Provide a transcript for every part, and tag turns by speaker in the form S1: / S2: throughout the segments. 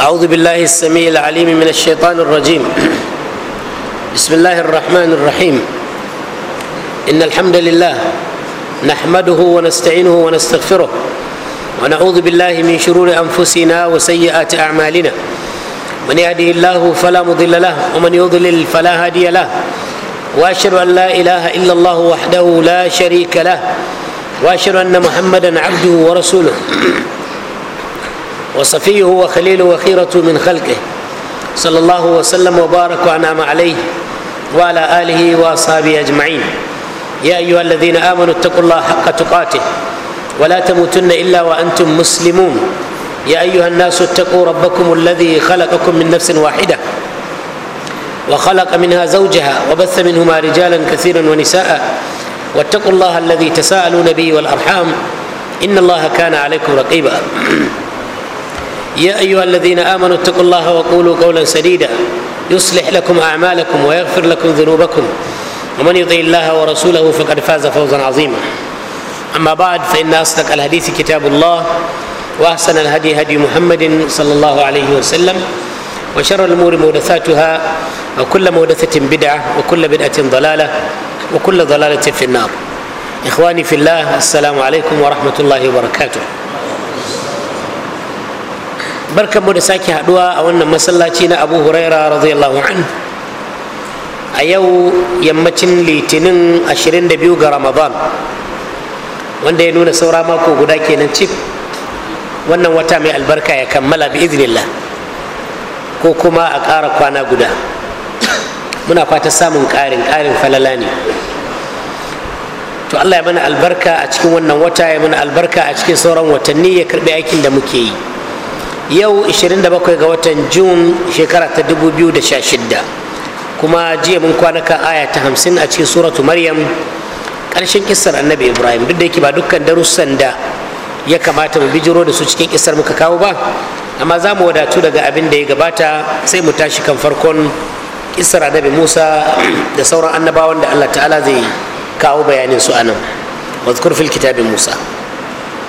S1: أعوذ بالله السميع العليم من الشيطان الرجيم بسم الله الرحمن الرحيم إن الحمد لله نحمده ونستعينه ونستغفره ونعوذ بالله من شرور أنفسنا وسيئات أعمالنا من يهده الله فلا مضل له ومن يضلل فلا هادي له واشهد ان لا اله الا الله وحده لا شريك له واشهد ان محمدا عبده ورسوله وصفيه وخليله وخيرته من خلقه صلى الله وسلم وبارك وأنعم عليه وعلى آله وأصحابه أجمعين يا أيها الذين آمنوا اتقوا الله حق تقاته ولا تموتن إلا وأنتم مسلمون يا أيها الناس اتقوا ربكم الذي خلقكم من نفس واحدة وخلق منها زوجها وبث منهما رجالا كثيرا ونساء واتقوا الله الذي تساءلون به والأرحام إن الله كان عليكم رقيبا يا ايها الذين امنوا اتقوا الله وقولوا قولا سديدا يصلح لكم اعمالكم ويغفر لكم ذنوبكم ومن يطع الله ورسوله فقد فاز فوزا عظيما اما بعد فان اصدق الحديث كتاب الله واحسن الهدي هدي محمد صلى الله عليه وسلم وشر الامور محدثاتها وكل محدثه بدعه وكل بدعه ضلاله وكل ضلاله في النار اخواني في الله السلام عليكم ورحمه الله وبركاته mu da sake haduwa a wannan masallaci na abu huraira radiyallahu an a yau yammacin litinin 22 ga ramadan wanda ya nuna saura mako guda kenan cif wannan wata mai albarka ya kammala bi iznillah ko kuma a ƙara kwana guda muna fata samun ƙarin ƙarin falala ne to allah ya mana albarka a cikin wannan wata ya mana albarka a cikin sauran watanni ya karbi aikin da muke yi yau 27 ga watan jun shekara ta 2016 kuma jiya mun kwana kan aya ta 50 a cikin suratu maryam ƙarshen kissar annabi ibrahim duk da yake ba dukkan darussan da ya kamata mu bijiro da su cikin kisar muka kawo ba amma za mu wadatu daga abin da ya gabata sai mu tashi kan farkon kissar annabi musa da sauran annabawan da allah ta'ala zai kawo bayanin su anan wazkur fil kitabin musa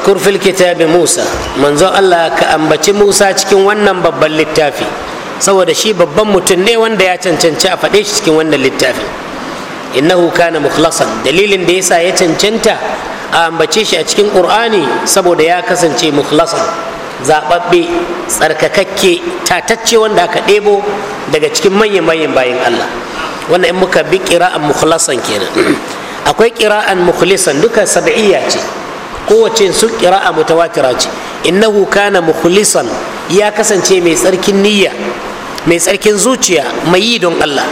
S1: wadhkur fil kitabi musa manzon allah ka ambaci musa cikin wannan babban littafi saboda shi babban mutum ne wanda ya cancanci a faɗe shi cikin wannan littafi innahu kana mukhlasan dalilin da ya sa ya cancanta a ambace shi a cikin qur'ani saboda ya kasance mukhlasan zaɓaɓɓe tsarkakakke tatacce wanda aka ɗebo daga cikin manyan manyan bayan allah wannan in muka bi ƙira'an mukhlasan kenan akwai ƙira'an mukhlisan duka sab'iyya ce kowace su a mutawatira ce innahu kana mukhlisan ya kasance mai tsarkin niyya mai tsarkin zuciya mai yi don Allah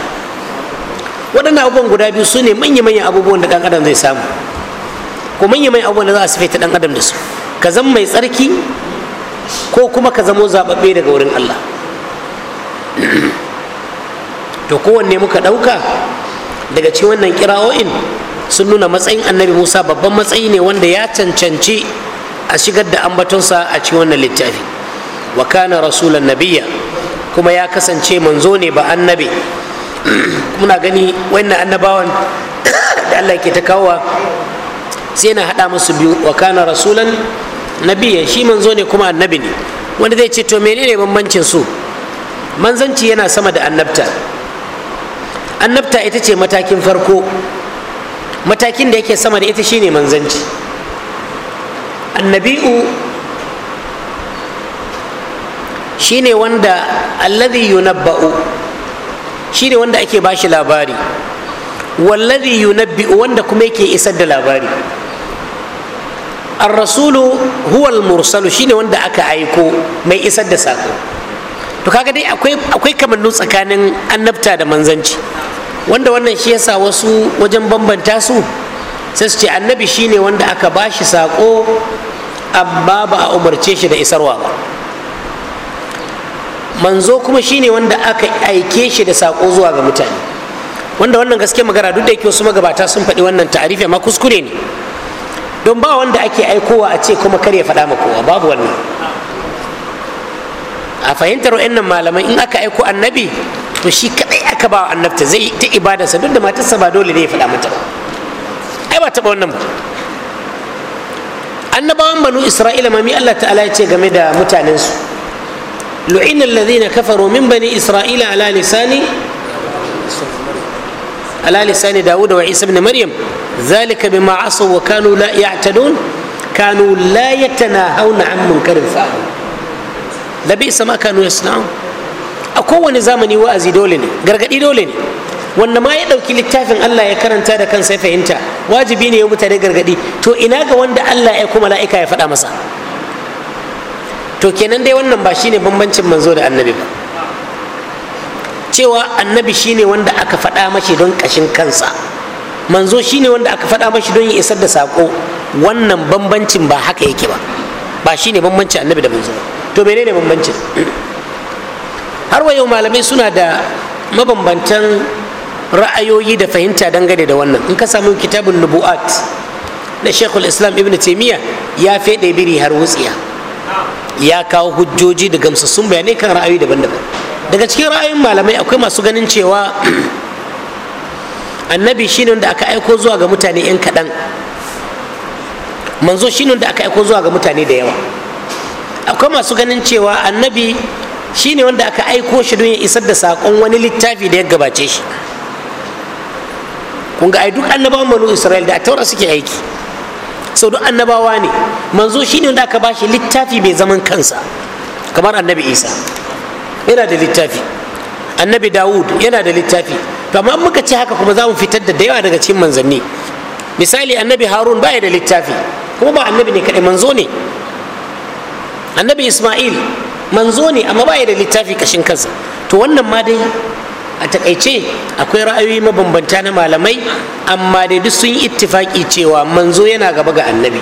S1: waɗannan abubuwan guda biyu su ne manya-manyan abubuwan da ɗan adam zai samu ko manya-manyan abubuwan da za a sifaita ɗan adam da su ka zama mai tsarki ko kuma ka zamo zaɓaɓɓe daga wurin Allah to kowanne muka ɗauka daga cikin wannan kira'o'in sun nuna matsayin annabi musa babban matsayi ne wanda ya cancanci a shigar da ambatonsa a cikin wannan littafi wa kana rasulan nabiya kuma ya kasance manzo ne ba annabi muna gani wannan annabawan da allah ke ta kawowa sai na haɗa musu biyu wa kana rasulan nabiya shi manzo ne kuma annabi ne wanda zai ce to menene bambancin su manzanci yana sama da annabta annabta ita ce matakin farko matakin da yake sama da ita shine manzanci annabi'u shine wanda alladhi yunabba'u shine wanda ake bashi labari wallazi yunabbi'u wanda kuma yake isar da labari ar-rasulu huwa al-mursalu shine wanda aka aiko mai isar da sako to kaga dai akwai akwai kamannu tsakanin annabta da manzanci wanda wannan shi yasa wasu wajen bambanta su sai su ce annabi shine wanda aka ba shi sako amma ba a umarce shi da isarwa ba manzo kuma shine wanda aka aike shi da sako zuwa ga mutane wanda wannan gaske magana duk da yake wasu magabata sun faɗi wannan ta'arifi amma kuskure ne don ba wanda ake aikowa a ce kuma kar ya faɗa ma kowa babu wannan a fahimtar wa'annan malamai in aka aiko annabi to shi kadai aka ba annabta zai ta ibadarsa duk da matarsa ba dole ne ya faɗa mata ai ba taɓa wannan ba annabawan banu isra'ila mami allah ta'ala ya ce game da mutanensu lu'ina alladhina kafaru min bani isra'ila ala lisani ala lisani dawud wa isa ibn maryam zalika bima asaw wa kanu la ya'tadun kanu la yatanahawna an munkarin fa'alu labisa ma kanu yasna'un a kowane zamani wa'azi dole ne gargadi dole ne wanda ma ya ɗauki littafin Allah ya karanta da kansa ya fahimta wajibi ne ya mutane gargadi to ina ga wanda Allah ya kuma la'ika ya faɗa masa to kenan dai wannan ba shine bambancin manzo da annabi ba cewa annabi shine wanda aka faɗa mashi don ƙashin kansa manzo shine wanda aka faɗa mashi don ya isar da saƙo wannan bambancin ba haka yake ba ba shine bambancin annabi da manzo ba to menene bambancin har wa yau malamai suna da mabambantan ra'ayoyi da fahimta dangane da wannan in ka samu kitabun nubu'at na shekul islam ibn taimiyya ya fede biri har wutsiya ya kawo hujjoji da gamsassun bayanai kan ra'ayoyi daban-daban daga cikin ra'ayoyin malamai akwai masu ganin cewa annabi shine wanda aka aiko zuwa ga mutane 'yan kaɗan manzo shine wanda aka aiko zuwa ga mutane da yawa akwai masu ganin cewa annabi shine wanda aka aiko shi don ya isar da saƙon wani littafi da ya gabace shi kun ga duk annabawan manu isra'il da taura suke aiki sau duk annabawa ne manzo shine wanda aka bashi littafi mai zaman kansa kamar annabi isa yana da littafi annabi dawud yana da littafi amma muka ce haka kuma za mu fitar da yawa daga cikin manzanni misali annabi harun baya da littafi kuma ba annabi ne kaɗai manzo ne annabi isma'il manzo ne amma ba da littafi kashin kansa to wannan ma dai a takaice akwai ra'ayoyi mabambanta na malamai amma dai duk sun yi ittifaki cewa manzo yana gaba ga annabi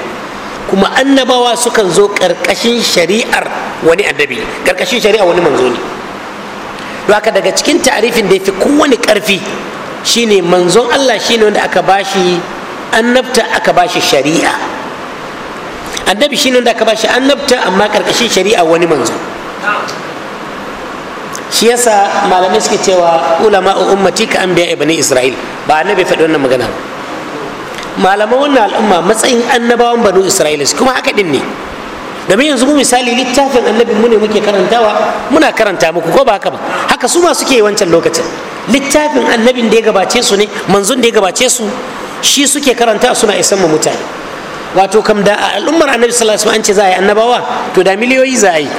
S1: kuma annabawa sukan zo ƙarƙashin shari'ar wani annabi ƙarƙashin shari'ar wani manzo ne haka daga cikin ta'arifin da ya fi kowane ƙarfi shine manzon allah shine wanda aka bashi annabta aka bashi shari'a annabi ne da ka ba shi annabta amma karkashin shari'a wani manzo shi yasa malamai suke cewa ulama ummati ka an biya ibani isra'il ba annabi faɗi wannan magana malaman wannan al'umma matsayin annabawan banu isra'ila kuma haka din ne domin yanzu mu misali littafin annabi mu ne muke karantawa muna karanta muku ko ba haka ba haka su ma suke wancan lokacin littafin annabin da ya gabace su ne manzon da ya gabace su shi suke karanta suna isan mu mutane wato kam da al'ummar annabi sallallahu alaihi an ce za a yi annabawa to da miliyoyi za a yi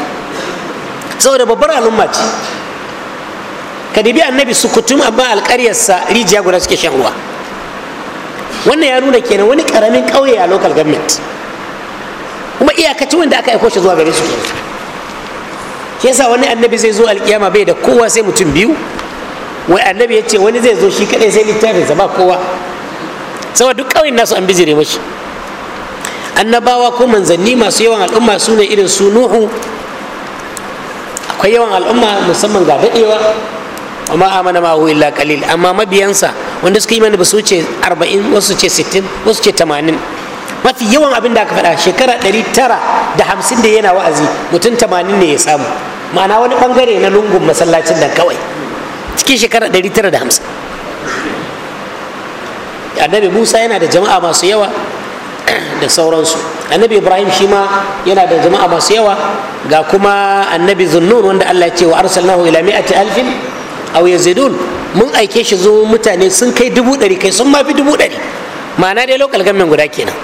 S1: saboda babbar al'umma ce ka dibi annabi kutum amma alƙaryarsa rijiya guda suke shan ruwa wannan ya nuna kenan wani karamin ƙauye a local government kuma iyakacin wanda aka aiko shi zuwa gare su shi yasa wani annabi zai zo alkiyama bai da kowa sai mutum biyu wai annabi ya ce wani zai zo shi kadai sai littafinsa ba kowa saboda duk ƙauyen nasu an bijire mashi annabawa ko manzanni masu yawan al'umma su ne irin su nuhu akwai yawan al'umma musamman ga daɗewa amma amana ma illa kalil amma mabiyansa wanda suka yi mana ba su ce 40 wasu ce 60 wasu ce 80 mafi yawan abin da aka faɗa shekara 950 da yana wa'azi mutum 80 ne ya samu ma'ana wani bangare na lungun masallacin nan kawai cikin shekara 950 annabi musa yana da jama'a masu yawa da sauransu annabi ibrahim shi ma yana da jama'a masu yawa ga kuma annabi zunnun wanda allah ya ce wa arsalnahu ila mi'ati alfin aw yazidun mun aike shi zo mutane sun kai dubu ɗari kai sun ma dubu ɗari ma'ana dai lokal gamin guda kenan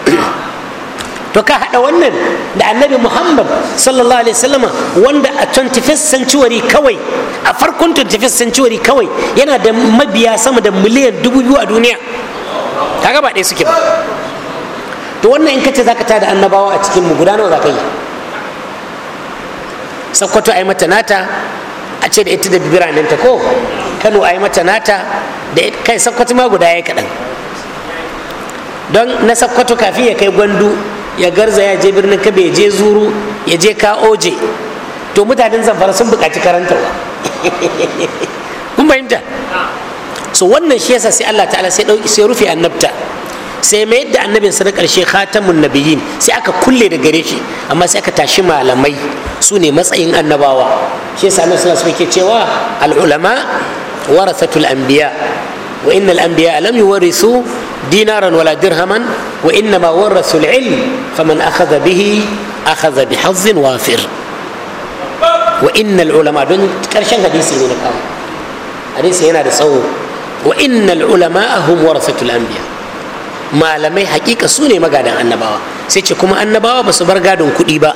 S1: to ka haɗa wannan da annabi muhammad sallallahu alaihi wasallama wanda a 25th century kawai a farkon 25th century kawai yana da mabiya sama da miliyan dubu biyu a duniya kaga ba ɗaya suke ba to wannan in kace zaka tada annabawa a cikin mu guda nawa zaka yi sakkwato ai mata nata a ce da ita da biranen ta ko kano ai mata nata da kai sakkwato ma guda yayi kadan don na sakkwato kafi ya kai gwandu ya garza ya je birnin kabe ya je zuru ya je ka oje to mutanen zamfara sun buƙaci karantarwa kun fahimta so wannan shi yasa sai Allah ta'ala sai dauki sai rufe annabta sai mai da annabinsa na ƙarshe khatamun nabiyyin sai aka kulle da gare shi amma sai aka tashi malamai su ne matsayin annabawa shi yasa annabi sallallahu alaihi cewa al-ulama warasatul anbiya wa innal anbiya lam yuwarisu dinaran wala dirhaman wa innama warasul ilm faman akhadha bihi akhadha bi hazzin wafir wa innal ulama don karshen hadisi ne na kawo hadisi yana da tsawo wa innal ulama hum warasatul anbiya malamai hakika su ne magadan annabawa sai ce kuma annabawa ba su bar gadon kuɗi ba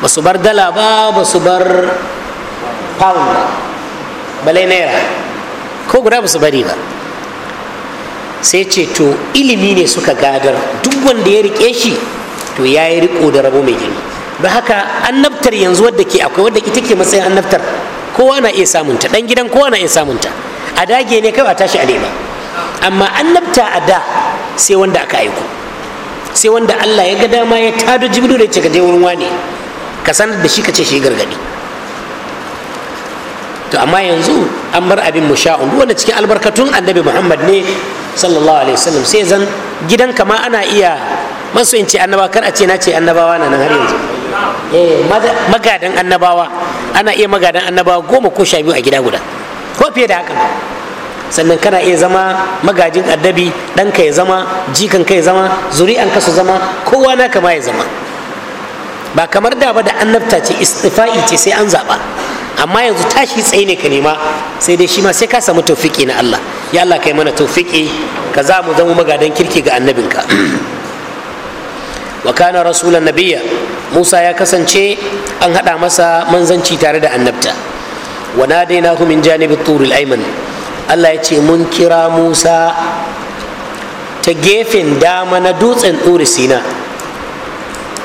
S1: ba su bar dala ba ba su bar pound ba balai naira ko guda ba su bari ba sai ce to ilimi ne suka gadar duk wanda ya rike shi to ya yi riko da rabo mai girma ba haka annabtar yanzu wadda ke akwai wadda ita ke matsayin annabtar kowa na iya samunta dan gidan kowa na iya samunta a dage ne kawai a tashi a nema amma annabta a da sai wanda aka aiko sai wanda allah ya ga dama ya tado jibiru da ce ka je wurin wane ka sanar da shi ka ce shi gargadi to amma yanzu an bar abin musha'un duk wanda cikin albarkatun annabi muhammad ne sallallahu alaihi wasallam sai zan gidan kama ana iya masu in ce annabawa kar a ce na ce annabawa na nan har yanzu eh magadan annabawa ana iya magadan annabawa goma ko sha biyu a gida guda ko fiye da haka sannan kana iya zama magajin addabi ɗanka ya zama jikan ka ya zama zuri'an ka su zama kowa naka kama ya zama ba kamar da ba da annabta ce istifa'i ce sai an zaɓa amma yanzu tashi tsaye ne ka nema sai dai shi ma sai ka samu taufiki na Allah ya Allah kai mana taufiki ka za mu zama magadan kirki ga annabinka wa kana rasulan nabiyya Musa ya kasance an haɗa masa manzanci tare da annabta wa nadainahu min janibi turil ayman allah ya ce mun kira musa ta gefen dama na dutsen ɗuri sina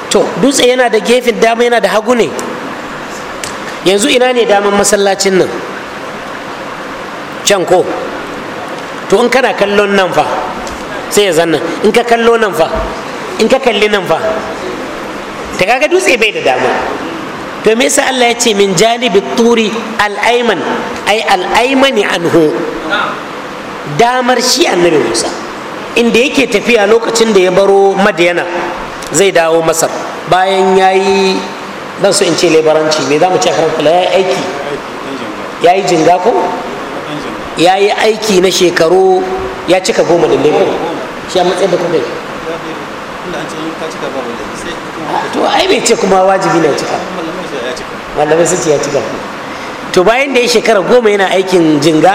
S1: to dutse yana da gefen dama yana da hagu ne yanzu ina ne daman masallacin nan can ko to in kana kallon nan fa sai ya zanna in ka kallo nan fa in ka kalli nan fa ta kaga dutse bai da dama to me yasa Allah ya ce min janibi turi al-ayman ay al-aymani anhu damar shi annabi Musa inda yake tafiya lokacin da ya baro Madiyana zai dawo Masar bayan yayi dan so in ce labaranci me zamu ce karan la yayi aiki yayi jinga ko yayi aiki na shekaru ya cika goma da lebo shi a matsayin da ka yi
S2: to ai bai ce kuma wajibi ne cika
S1: malamai sun ce ya ci gaba to bayan da ya shekara goma yana aikin jinga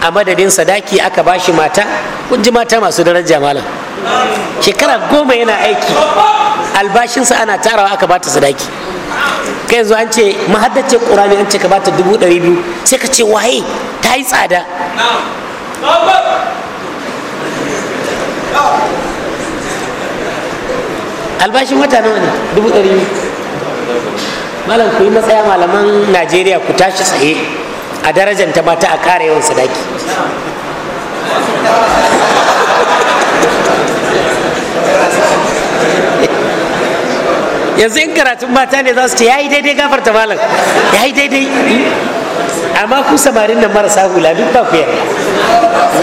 S1: a madadin sadaki aka ba shi mata kun ji mata masu daraja malam shekara goma yana aiki albashinsa ana tarawa aka bata sadaki kai yanzu an ce mahaddace ƙurani an ce ka bata dubu ɗari biyu sai ka ce waye ta yi tsada albashin wata nawa ne dubu ɗari biyu malam ku yi matsaya malaman najeriya ku tashi tsaye a darajar ta mata a kare yawan sadaki yanzu in karatun mata ne za su ce ya yi daidai gafarta malam ya yi daidai amma ku samarin nan marasa hula duk ba ku yarda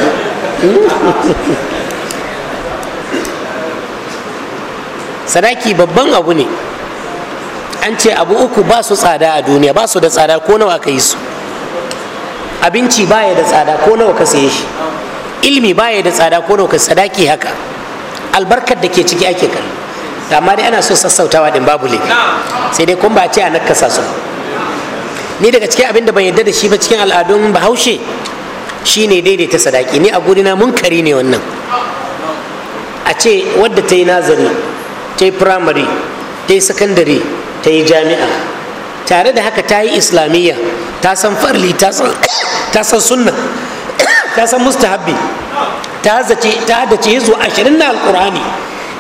S1: sadaki babban abu ne an ce abu uku ba su tsada a duniya ba su da tsada ko nawa ka yi su abinci baya da tsada ko nawa ka saye shi ilmi baya da tsada ko nawa ka sadaki haka albarkar da ke ciki ake kallo amma dai ana so sassautawa din babu le. sai dai kun ba ce a nakasa su ni daga cikin abin da ban yarda da shi ba cikin al'adun bahaushe shine daidaita sadaki ni a gurina munkari ne wannan a ce wadda ta yi nazari ta yi firamare ta yi sakandare ta yi jami'a tare da haka ta yi islamiyya ta san farli ta san sunna ta san mustahabbi ta dace hizo ashirin na alkur'ani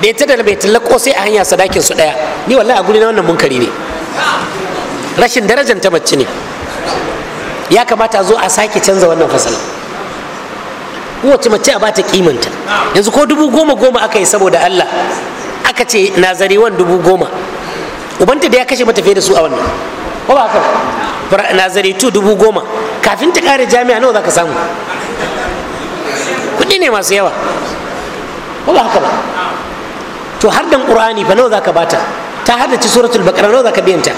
S1: bai ta da bai tallako sai a hanya sadakin su daya ni wallahi a guri na wannan munkari ne rashin darajar ta mace ne ya kamata zo a sake canza wannan fasalin kowace mace a ta kimanta yanzu ko dubu goma goma aka yi saboda allah aka ce nazariwan dubu goma ubanta da ya kashe mata fiye da su a wannan ko ba haka nazari tu dubu goma kafin ta kare jami'a nawa za ka samu kuɗi ne masu yawa ko ba haka ba to har dan qur'ani ba nawa za ka bata ta haddace suratul baqara nawa za ka biyan ta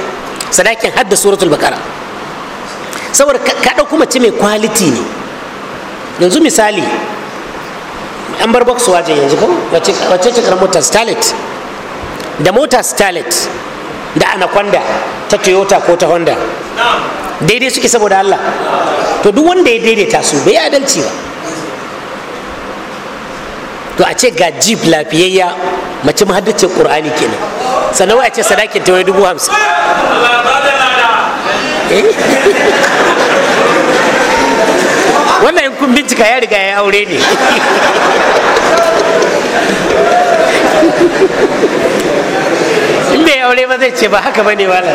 S1: sadakin hadda suratul baqara saboda ka ɗauko mace mai quality ne yanzu misali an bar box waje yanzu ko wacce ce karamar starlet da motar starlet da anaconda ta toyota ko ta honda daidai suke saboda allah to duk wanda ya daidaita su bai adalci ba to a ce ga jeep lafiyayya mace mahaddace qur'ani kenan sannan wai a ce sadakin ta wai dubu hamsin eh? wannan in kun bincika ya riga ya aure ne ya aure ba zai ce ba haka bane wala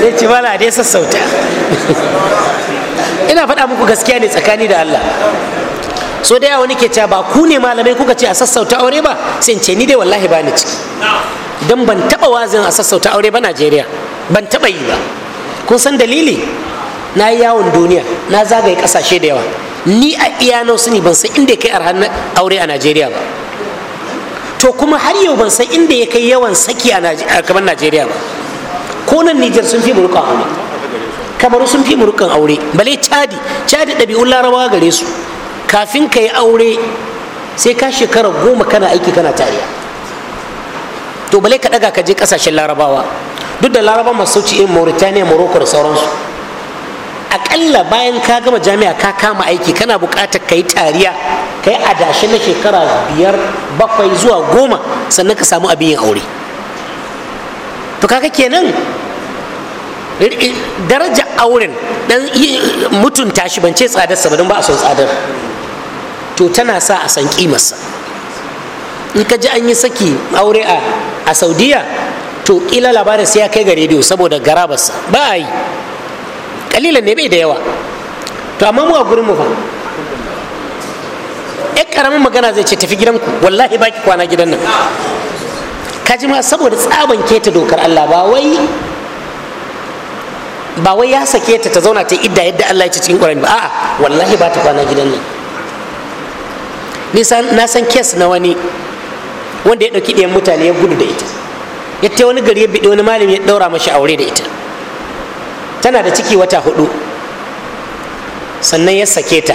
S1: zai ce wala dai sassauta ina faɗa muku gaskiya ne tsakani da Allah so da yawa nake cewa ba ku ne malamai kuka ce a sassauta aure ba sai in ce ni dai wallahi ba ni ciki dan ban taba wazin a sassauta aure ba Najeriya ban taba yi ba kun san dalili na yi yawon duniya na zagaye kasashe da yawa ni a iya nausu ne ban san inda kai arhan aure a Najeriya ba to kuma har yau ban san inda ya kai yawan saki a kamar najeriya ba ko nan nijar sun fi murukan aure kamaru sun fi murukan aure bale cadi cadi ɗabi'un larabawa gare su kafin ka yi aure sai ka shekara goma kana aiki kana tariya to bale ka ɗaga ka je ƙasashen larabawa duk da laraba masu sauci in mauritania morocco da sauransu akalla bayan ka gama jami'a ka kama aiki kana bukatar ka yi tariya ka yi adashi na shekara biyar bakwai zuwa goma sannan ka samu abin yin aure to kaga kenan daraja auren dan mutunta shi ban ce tsadarsa ba don ba a son tsadar to tana sa a san kimarsa in ka ji an yi saki aure a saudiya to kila labarin sai ya kai ga rediyo saboda garabarsa ba a yi kalilan ne bai da yawa to amma mu a gurin mu fa ya karamin magana zai ce tafi gidanku wallahi baki kwana gidan nan kaji ma saboda tsaban keta dokar Allah ba wai ba wai ya sake ta ta zauna ta idda yadda Allah ya ce cikin Qur'ani ba a'a wallahi ba ta kwana gidan nan ni na san kes na wani wanda ya dauki ɗayan mutane ya gudu da ita ya ta wani gari ya biɗe wani malami ya ɗaura mashi aure da ita tana da ciki wata hudu sannan ya sake ta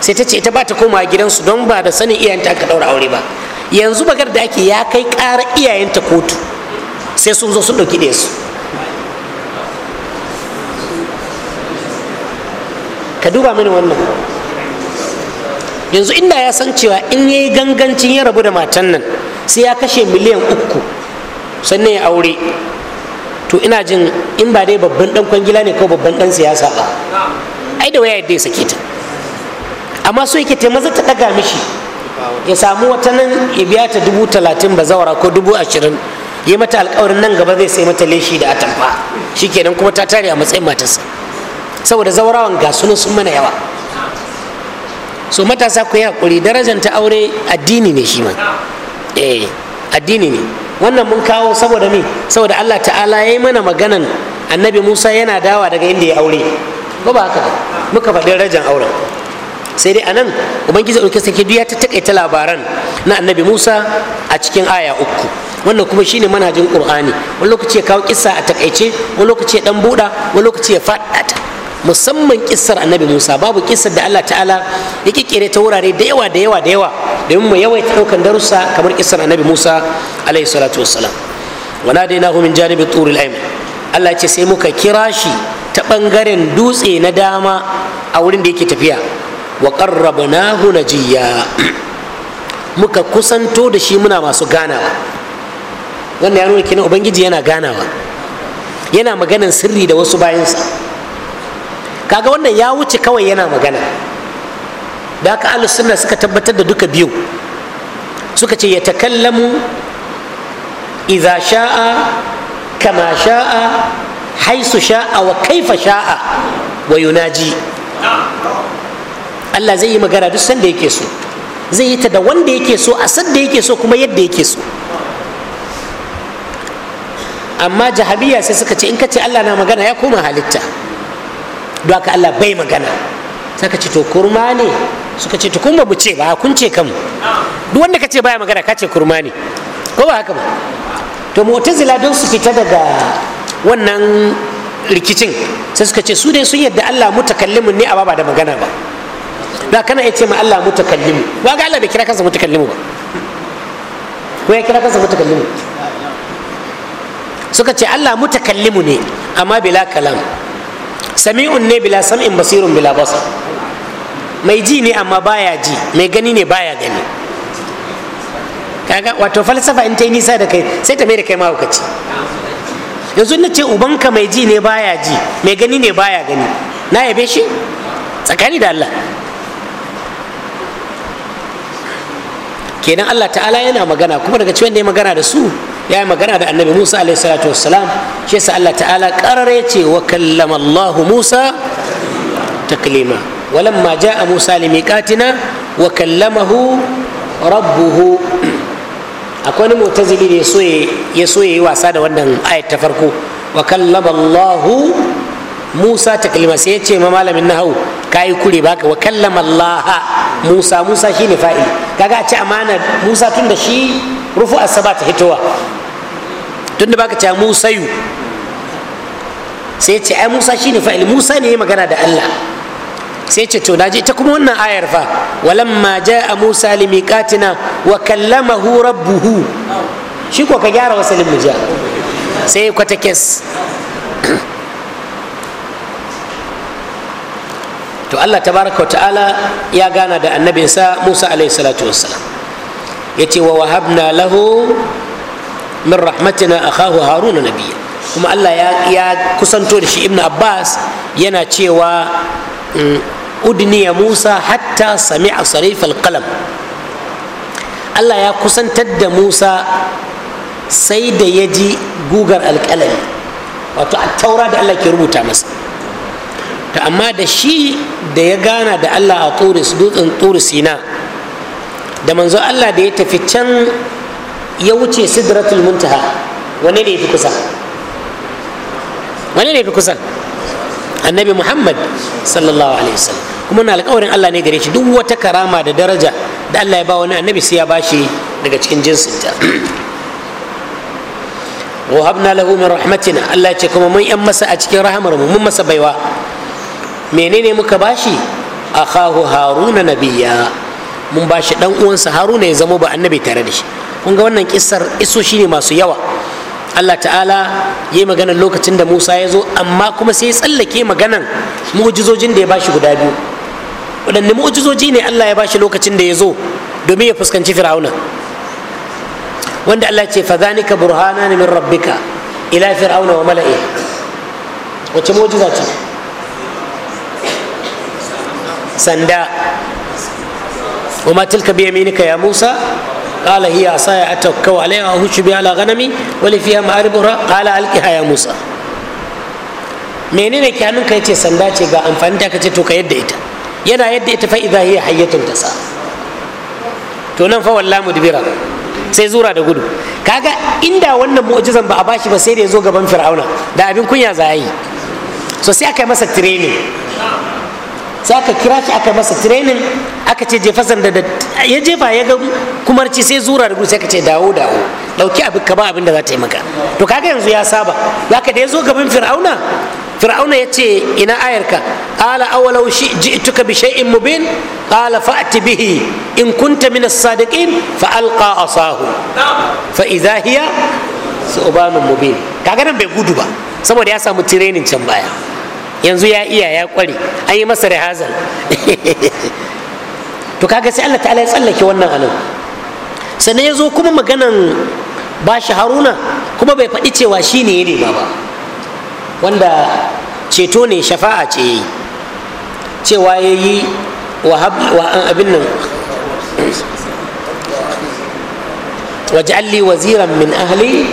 S1: sai ta ce ita ba ta koma gidansu don ba da sanin iyayenta aka daura aure ba yanzu bagar da ake ya kai ƙara iyayenta kotu sai sun zo sun ɗauki ɗaya su ka duba mini wannan yanzu inda ya san cewa in ya yi gangancin ya rabu da matan nan sai ya kashe miliyan uku sannan ya aure to ina jin in ba dai babban dan kwangila ne ko babban dan siyasa ba ai da waya yadda ya sake ta amma so yake ta maza ta daga mishi ya samu wata nan ya biya ta dubu talatin ba zawara ko dubu ashirin ya mata alkawarin nan gaba zai sai mata leshi da atamfa shikenan kuma ta tare a matsayin matarsa saboda zawarawan ga sun mana yawa so matasa ku yi hakuri darajanta ta aure addini ne shi ma eh addini ne wannan mun kawo saboda min saboda Allah ta'ala ya yi mana maganan annabi Musa yana dawa daga inda ya aure ba ba haka muka faɗi rajin auren sai dai anan ubangiji ɗauki sake duk ya ta taƙaita labaran na annabi Musa a cikin aya uku wannan kuma shine manhajin Qur'ani wani lokaci ya kawo kissa a takaice wani lokaci ya dan buɗa wani lokaci ya faɗata musamman kisar annabi musa babu kisar da allah ta'ala ya kikkire ta wurare da yawa da yawa da yawa domin mu yawaita daukan darussa kamar kisar annabi musa alaihi salatu wassalam wa nadainahu min janibi turil allah ce sai muka kira shi ta bangaren dutse na dama a wurin da yake tafiya wa qarrabnahu najiya muka kusanto da shi muna masu ganawa wannan ya nuna kenan yana ganawa yana maganan sirri da wasu bayansa kaga wannan ya wuce kawai yana magana da aka ahlus suka tabbatar da duka biyu suka ce ya takallamu iza sha'a kama sha'a haisu sha'a wa kaifa sha'a wa yunaji Allah zai yi magana duk sanda yake so zai yi ta da wanda yake so a sanda yake so kuma yadda yake so amma jahabiya sai suka ce in ka ce Allah na magana ya koma halitta don haka Allah bai magana saka ce to kurma ne suka ce to kun ba mu ce ba kun ce kanmu duk wanda ka ce baya magana ka ce kurma ne ko ba haka ba to mu'tazila don su fita daga wannan rikicin sai suka ce su dai sun yadda Allah mutakallimu ne a ba da magana ba da kana iya ce ma Allah mutakallimu ba ga Allah bai kira kansa mutakallimu ba ko ya kira kansa mutakallimu suka ce Allah mutakallimu ne amma bila kalam sami'un ne bila sam'in basirun bila basar mai ji ne amma baya ji mai gani ne baya gani kaga wato falsafa in ta yi nisa da kai sai ta mai da kai mahaukaci yanzu na ce ubanka mai ji ne baya ji mai gani ne baya gani na yabe shi tsakani da Allah kenan Allah ta'ala yana magana kuma daga ciwon da ya magana da su ya yi magana da annabi musa alaihi salatu wassalam shi yasa allah ta'ala karare ce wa kallama allahu musa taklima walamma ja'a musa limiqatina wa kallamahu rabbuhu akwai ni mutazili da ya so yi wasa da wannan ayat ta farko wa kallama allahu musa taklima sai ya ce ma malamin nahau kayi kure baka wa kallama allaha musa musa shine fa'il kaga a ci amana musa tun da shi rufu asaba ta hitowa tun da baka ce yu sai ce ai musa shine fa'il musa ne ya magana da allah sai ce to je ita kuma wannan ayar fa walamma jaa musa limiqatina wa kallamahu rabbuhu shi ko ka gyara wasalin ja sai kwata kes to allah tabaraka wa ta'ala ya gana da annabinsa musa alaihi salatu wassalam ya ce wa wahabna lahu min rahmatina akahu haruna biya kuma allah ya kusanto da shi ibn abbas yana cewa mm, udniya musa hatta sami'a sarif alqalam allah ya kusantar da musa sai da ya ji gugar alƙalami wato a taura da allah ke rubuta masa ta amma da shi da ya gana da allah a turis dutsen turisina da manzo Allah da ya tafi can ya wuce sidratul muntaha wane ne fi kusa wane ne fi kusa annabi muhammad sallallahu alaihi wasallam kuma na alƙawarin Allah ne gare shi duk wata karama da daraja da Allah ya ba wani annabi sai ya bashi daga cikin jinsinta wahabna lahu min rahmatina Allah ce kuma mun yan masa a cikin rahamar mu mun masa baiwa menene muka bashi akhahu haruna nabiyya mun ba shi dan uwansa haruna ya zamo ba annabi tare da shi kun ga wannan kissar iso shine masu yawa Allah ta'ala ya yi maganar lokacin da Musa ya zo amma kuma sai ya tsallake maganan mu'jizojin da ya ba shi guda biyu waɗanne mu'jizoji ne Allah ya ba shi lokacin da ya zo domin ya fuskanci fir'auna wanda Allah ya ce fa zanika burhana min rabbika ila fir'auna wa mala'i wace mu'jiza ce sanda وما تلك بيمينك يا موسى قال هي عصاي اتوكا عليها واهش بها على غنمي ولي فيها مآرب أخرى قال القها يا موسى menene ke hannunka yace sanda ce ga amfani ta kace to ka yadda ita yana yadda ita fa idza hiya hayyatun tasa to nan fa wallahi mudbira sai zura da gudu kaga inda wannan mu'jizan ba a bashi ba sai da ya zo gaban fir'auna da abin kunya za yi so sai aka yi masa training za ka kira shi aka masa training aka ce jefa sanda da ya jefa ya ga kumarci sai zura da sai ka ce dawo dawo dauki abin ka ba abin da za ta yi maka to kaga yanzu ya saba ya ka da ya zo gaban fir'auna fir'auna ya ce ina ayarka qala awalau ji'tuka bi shay'in mubin qala fa'ti bihi in kunta min as-sadiqin fa alqa asahu fa idha hiya su'banun mubin kaga nan bai gudu ba saboda ya samu training can baya yanzu ya iya ya kware an yi masa rihazal to kaga sai Allah ta'ala ya tsallake wannan anan sannan ya zo kuma maganan bashi haruna kuma bai faɗi cewa shi ne ya nema ba wanda ceto ne shafa'a ce ya yi cewa ya yi wa abin nan Waje alli waziran min ahli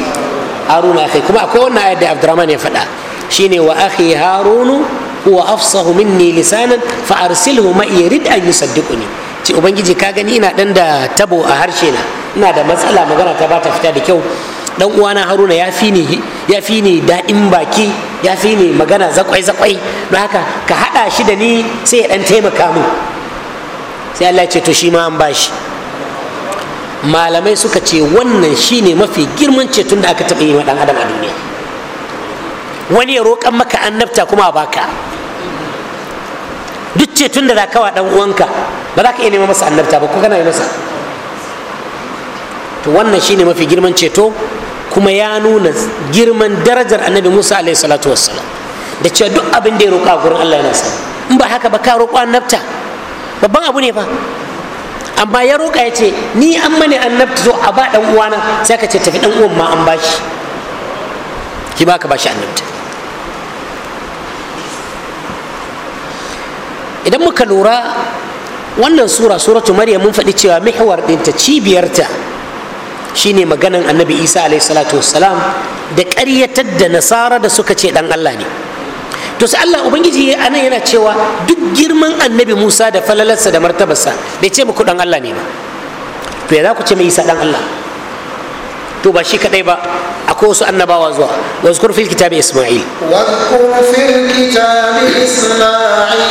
S1: haruna kai kuma akwai wannan ayat da abdurrahman ya faɗa shine wa akhi harunu huwa afsahu minni lisanan fa arsilhu ma yurid an yusaddiquni ce ubangiji ka gani ina dan da tabo a harshe na ina da matsala magana ta bata fita da kyau dan uwana haruna ya fi ni ya fi ni daɗin baki ya fi ni magana zakwai zakwai don haka ka haɗa shi da ni sai ya dan taimaka min. sai Allah ce to shi ma an bashi malamai suka ce wannan shine mafi girman ceton da aka taɓa yi wa ɗan adam a duniya wani ya roƙan maka annabta kuma a baka duk ce tun da za kawa ɗan uwanka ba za ka iya neman masa annabta ba ko kana yi masa to wannan shine mafi girman ceto kuma ya nuna girman darajar annabi musa alaihi salatu wassalam da cewa duk abin da ya roƙa gurin allah yana sa in ba haka ba ka roƙo annabta babban abu ne fa amma ya roƙa ya ce ni an mani annabta zo a ba ɗan uwana sai ka ce tafi ɗan uwan ma an bashi shi ba ka bashi annabta idan muka lura wannan sura suratu maryam mun faɗi cewa mihwar ɗinta cibiyarta shine maganan annabi isa alaihi salatu wassalam da ƙaryatar da nasara da suka ce ɗan allah ne to sai allah ubangiji a nan yana cewa duk girman annabi musa da falalarsa da martabarsa bai ce muku ɗan allah ne ba to ya za ku ce mai isa ɗan allah to ba shi kaɗai ba akwai wasu annabawa zuwa wasu kurfin kitabin isma'il
S2: isma'il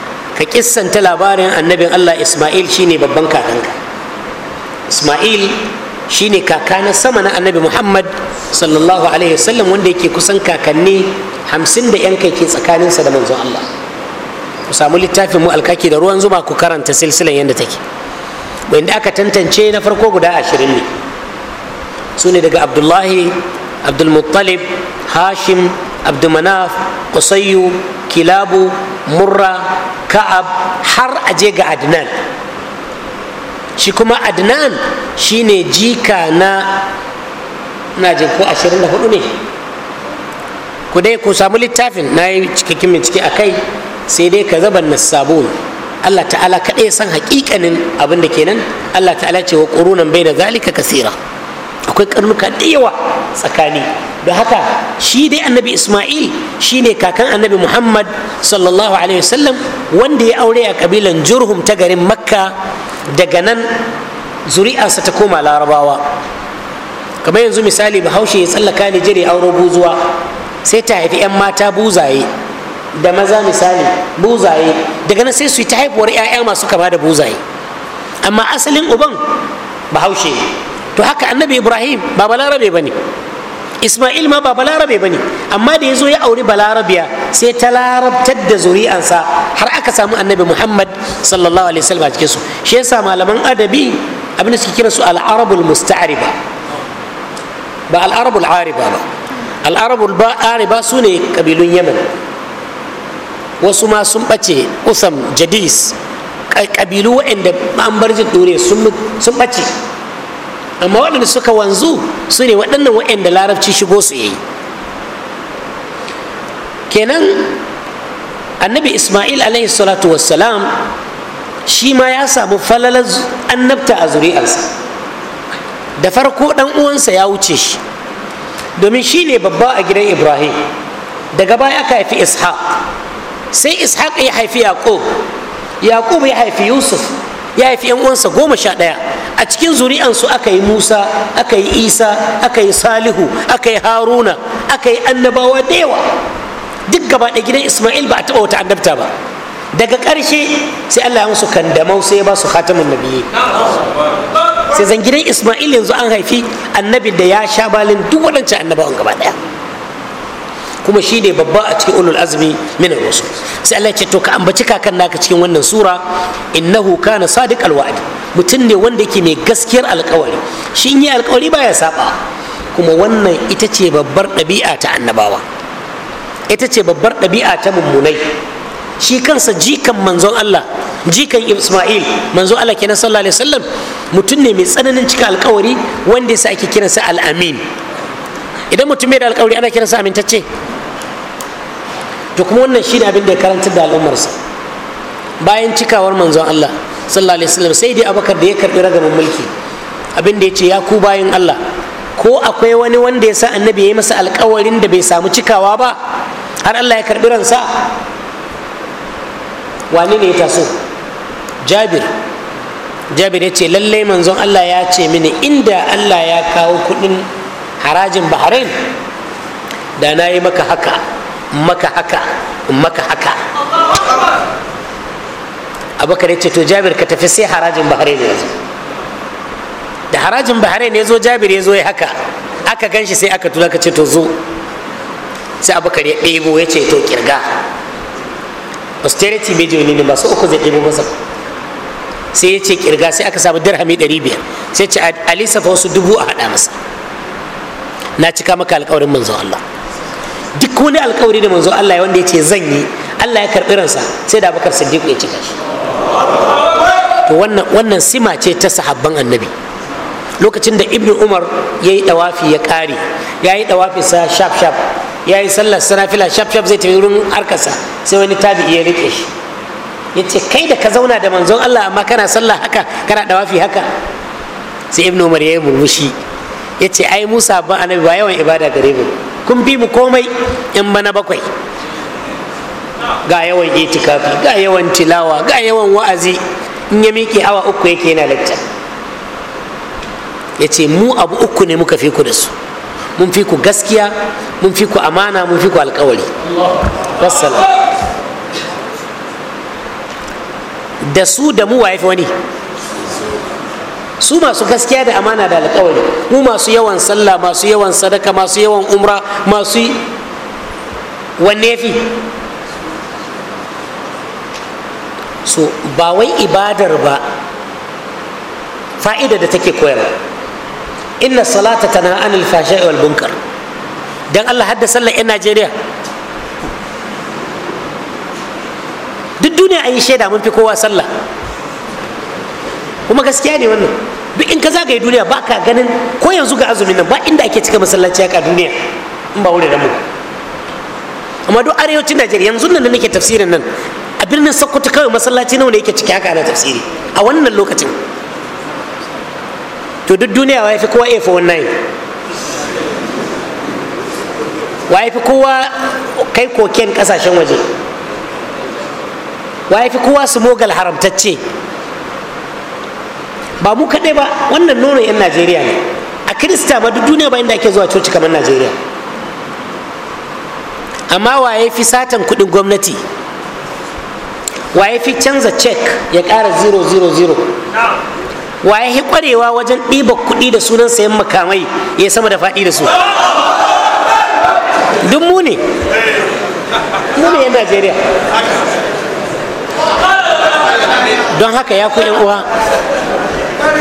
S1: ka kissanta labarin annabin allah isma'il shine babban kakanka isma'il shine kaka na sama na annabi muhammad sallallahu alaihi wasallam wanda yake kusan kakanni hamsin da yan kai ke tsakaninsa da manzon allah ku samu littafin mu alkaki da ruwan zuma ku karanta silsilan yadda take da aka tantance na farko guda ashirin ne Sune daga abdullahi abdulmuttalib hashim abdumanaf qusayyu kilabu murra ka'ab har aje ga adnan shi kuma adnan ne jika na na ashirin da hudu ne ku dai ku samu littafin na yi cikakken bincike a kai sai dai ka zaban sabon Allah ta'ala kaɗai san hakikanin abin da kenan Allah ta'ala ce wa ƙorunan bai da zalika kasira akwai karnuka da yawa tsakani da haka shi dai annabi ismail shi ne kakan annabi muhammad sallallahu alaihi wasallam wanda ya aure a kabilan jurhum ta garin makka daga nan zuri'arsa ta koma larabawa kamar yanzu misali bahaushe ya tsallaka ni ya auro buzuwa sai ta haifi 'yan mata buzaye da maza misali buzaye daga nan sai su yi ta haifuwar 'ya'ya masu kama da buzaye amma asalin uban bahaushe to haka annabi ibrahim ba balarabe ba ne isma'il ma ba balarabe ba ne amma da ya zo ya auri balarabiya sai ta larabtar da zuri'ansa har aka samu annabi muhammad sallallahu alaihi wasallam a cikinsu shi yasa malaman adabi abin da suke kira su al'arabul musta'ariba ba al'arabul ariba ba al'arabul ariba su ne kabilun yaman wasu ma sun ɓace usam jadis ƙabilu waɗanda an bar jin sun ɓace amma waɗanda suka wanzu su ne waɗannan waɗanda larabci shigo su yayi kenan annabi ismail alaihi salatu wassalam shi ma ya samu falalar annabta a zuri'arsa da farko ɗan uwansa ya wuce shi domin shi ne babba a gidan ibrahim daga baya aka haifi ishaq sai ishaq ya haifi yaqub yaqub ya haifi yusuf ya haifi yan uwansa goma sha ɗaya a cikin zuri'ansu aka yi musa aka yi isa aka yi salihu aka yi haruna aka yi annabawa da yawa duk gaba ɗaya gidan isma'il ba a taɓa wata annabta ba daga ƙarshe sai allah ya musu kandamau sai ya ba su khatamin nabiyyi sai zan gidan isma'il yanzu an haifi annabin da ya sha balin duk waɗancan annabawan gaba ɗaya kuma shi ne babba a cikin ulul azmi min rusul sai Allah ya ce to ka ambaci kakan naka cikin wannan sura innahu kana sadiq alwa'd mutum ne wanda yake mai gaskiyar alkawari shi in yi alkawari baya saba kuma wannan ita ce babbar ɗabi'a ta annabawa ita ce babbar ɗabi'a ta mummunai shi kansa jikan manzon Allah jikan Ismail manzon Allah kenan sallallahu alaihi wasallam mutum ne mai tsananin cika alkawari wanda yasa ake kiransa al-amin idan mutum bai da alkawari ana kiransa amintacce to kuma wannan shine abin da ya karantar da al'ummarsa bayan cikawar manzon Allah sallallahu alaihi wasallam sai dai abakar da ya karbi ragamin mulki abin da ya ya ku bayan Allah ko akwai wani wanda ya sa annabi ya masa alkawarin da bai samu cikawa ba har Allah ya karbi ransa wane ne ya taso jabir jabir ya ce lallai manzon Allah ya ce mini inda Allah ya kawo kudin harajin bahrain da na yi maka haka maka haka maka haka abubakar ya ce to jabir ka tafi sai harajin bahrain ya zo da harajin bahrain ya zo jabir ya zo ya haka aka gan shi sai aka tuna ka ce to zo sai abubakar ya ɗebo ya ce to kirga austerity miliyoyi ne masu uku zai ɗebo masa sai ya ce kirga sai aka samu dirhami 500 sai ce alisa fa wasu dubu a haɗa masa na cika maka alkawarin manzon Allah duk wani alkawari da manzon Allah ya wanda ya zan yi Allah ya karɓi ransa sai da Abubakar Siddiq ya cika shi to wannan wannan sima ce ta sahabban annabi lokacin da ibnu umar ya yi dawafi ya kare ya yi dawafi sa shaf shaf ya yi sallar sarafila shaf shaf zai tafi wurin harkarsa sai wani tabi'i ya rike shi ya ce kai da ka zauna da manzon allah amma kana sallah haka kana dawafi haka sai ibnu umar ya yi murmushi ya ce ai musa ban annabi ba yawan ibada gare mu kun fi mu komai in bana bakwai ga yawan itikafi ga yawan tilawa ga yawan wa'azi in ya miƙe awa uku yake yana lakta ya ce mu abu uku ne muka fi ku da su mun fi ku gaskiya mun fi ku amana mun fi ku alkawari da su da mu wani su masu gaskiya da amana da alƙawari mu masu yawan sallah masu yawan sadaka masu yawan umra masu wanne fi so ba wai ibadar ba fa'ida da take koyarwa inna salata tana anil fashai wal bunkar dan Allah hadda sallar 'yan Najeriya duk duniya an yi shaida mun fi kowa sallah kuma gaskiya ne wannan duk in ka zagaye duniya ba ka ganin ko yanzu ga azumin nan ba inda ake cika masallaci a duniya in ba da mu amma duk arewacin najeriya yanzu nan da nake tafsirin nan a birnin sokoto kawai masallaci nawa ne yake ciki haka ana tafsiri a wannan lokacin to duk duniya wai fi kowa a fa wannan wai fi kowa kai koken kasashen waje wai fi kowa su mogal haramtacce ba mu kaɗai ba wannan nono 'yan najeriya ne a kirista ba duk duniya ba inda ake zuwa coci kamar najeriya amma waye fi satan kuɗin gwamnati waye fi canza cek ya ƙara 000 waye fi ƙwarewa wajen ɗiba kuɗi da sunan sayan makamai ya sama da faɗi da su duk mu ne 'yan najeriya don haka ya kuɗin uwa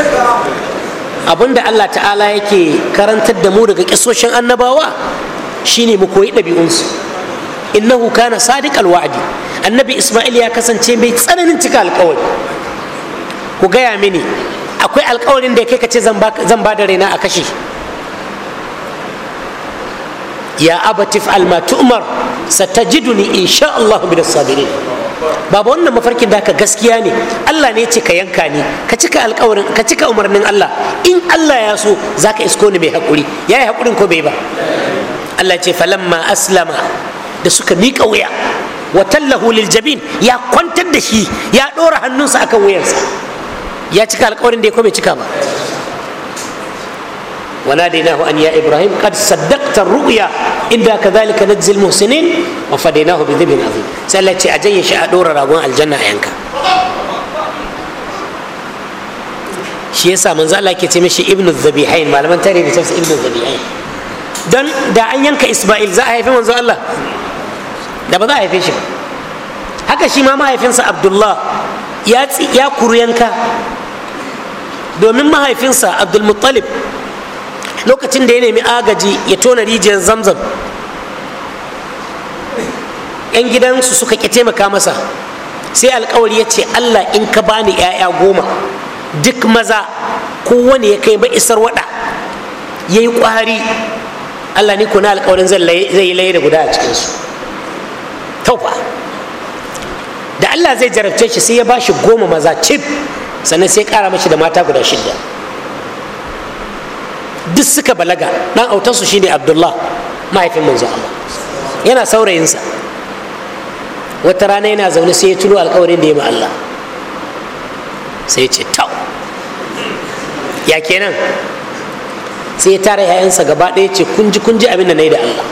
S1: da Allah ta'ala yake karantar da mu daga kisoshin annabawa shine mu koyi ɗabi'unsu innahu kana sadiq alwa'di annabi isma'il ya kasance mai tsananin cika alkawari ku gaya mini akwai alkawarin da ya kai ka ce zan ba da raina a kashe ya abatif alma tu'mar satajiduni insha Allah bi sabirin baba wannan mafarkin da ka gaskiya ne Allah ne ce ka yanka ni ka cika alƙawarin ka cika umarnin Allah in Allah ya so zaka isko ni mai hakuri yayi hakurin ko bai ba Allah ce falamma aslama da suka miƙa wuya wa tallahu lil jabin ya kwantar da shi ya ɗora hannunsa akan wuyansa ya cika alƙawarin da ya ko bai cika ba وناديناه أن يا إبراهيم قد صدقت الرؤيا إنا كذلك نجزي المحسنين وفديناه بذبح عظيم سألت أجي شأدور رابون الجنة ينكا shi yasa manzo Allah yake ce mishi ibnu dhabihain malaman tarihi da tafsir ibnu dhabihain dan da an yanka isma'il za a haifi manzo Allah da ba za a shi haka shi ma mahaifinsa abdullah ya kuru yanka domin mahaifinsa abdulmuttalib lokacin da ya nemi agaji ya tona rijiyar zamzam yan gidansu suka ƙi taimaka masa sai alkawari ya ce allah in ka bani 'ya'ya goma duk maza kowane ya kai isar waɗa ya yi ƙwari allah ni kuna alkawarin zai yi laye da guda a cikinsu taufa da allah zai jarabce shi sai ya ba shi goma maza cif sannan sai ya kara mashi da mata guda shidda duk suka balaga dan autansu shine abdullah mahaifin manzo Allah yana saurayinsa wata rana yana zaune sai ya tulo alkawarin da ya ma Allah sai ya ce tau ya kenan sai ya tara 'ya'yansa gaba ɗaya ce kunji kunji abin da na yi da Allah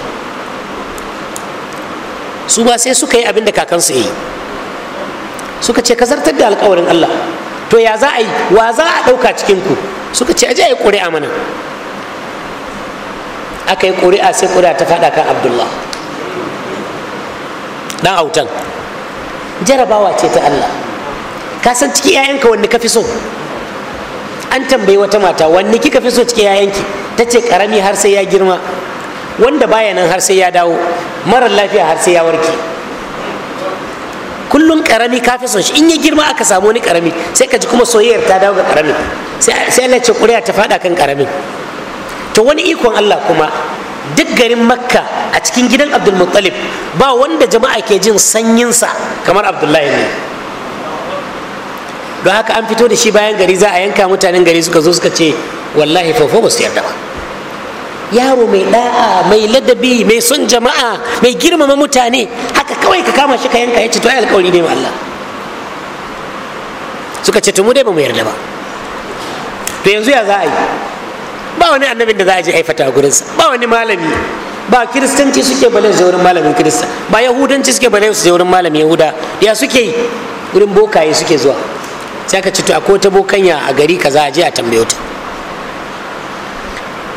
S1: su ba sai suka yi abin da kakansu ya yi suka ce ka zartar da alkawarin Allah to ya za a yi wa za a ɗauka cikinku suka ce aje a yi ƙuri'a mana aka yi ƙuri'a sai ƙuri'a ta faɗa kan abdullah dan autan jarabawa ce ta allah ka san ciki 'ya'yanka wanne ka fi so an tambayi wata mata wanne kika fi so cikin 'ya'yanki ta ce karami har sai ya girma wanda baya nan har sai ya dawo marar lafiya har sai ya warke kullum karami ka fi son shi in ya girma aka samu wani karami sai ka ji kuma soyayyar ta dawo ga karami sai Allah ce ƙuri'a ta faɗa kan karamin to wani ikon Allah kuma duk garin makka a cikin gidan abdulmuttalib ba wanda jama'a ke jin sanyinsa kamar abdullahi ne don haka an fito da shi bayan gari za a yanka mutanen gari suka zo suka ce wallahi fofo ba su yarda ba yaro mai da'a mai ladabi mai son jama'a mai girmama mutane haka kawai ka kama shi ka yanka ya ce to ai alkawari ne ma Allah suka ce to mu dai ba mu yarda ba to yanzu ya za a yi ba wani annabin da za a je haifata a gurinsa ba wani malami ba kiristanci suke bale su wurin malamin kirista ba yahudanci suke bale su wurin malamin yahuda ya suke yi wurin bokaye suke zuwa sai aka ci to ko ta bokanya a gari kaza a je a tambaye ta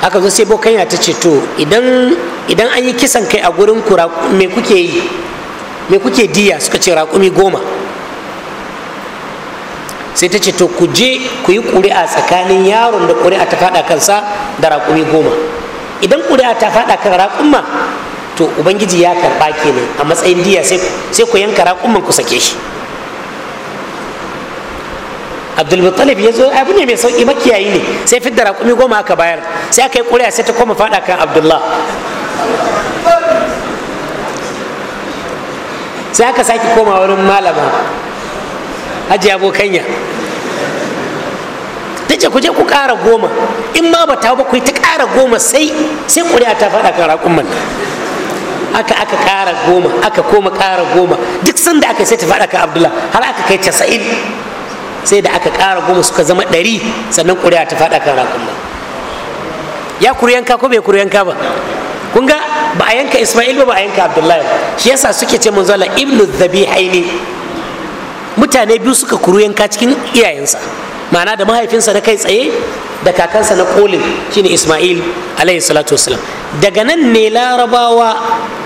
S1: aka zo sai bokanya ta ce to idan idan an yi kisan kai a gurin ku me kuke yi me kuke diya suka ce raƙumi goma sai ta ce to ku je ku yi ƙuri'a tsakanin yaron da ƙuri'a ta faɗa kansa da raƙumi goma idan ƙuri'a ta faɗa kan raƙumma to ubangiji ya karɓa kenan a matsayin diya sai ku yanka raƙumman ku sake shi abdulmuttalib ya zo abu ne mai sauƙi makiyayi ne sai da raƙumi goma aka bayar sai aka yi ƙuri'a sai ta koma faɗa kan abdullah sai aka sake koma wurin malama hajiya bokanya ta ce kuje ku ƙara goma in ma ba ta ba ku ta ƙara goma sai sai ƙuri'a ta faɗa kan raƙumman aka aka ƙara goma aka koma ƙara goma duk sanda aka sai ta faɗa kan abdullah har aka kai casa'in sai da aka ƙara goma suka zama ɗari sannan ƙuri'a ta faɗa kan raƙumman ya kuri yanka ko bai kuri yanka ba kun ga ba a yanka isma'il ba ba a yanka abdullahi shi yasa suke ce manzo Allah ibnu dhabihaini mutane biyu suka kuru yanka cikin iyayensa ma'ana da mahaifinsa na kai tsaye da kakansa na kolin shine ismail alayhi salatu wasalam daga nan ne larabawa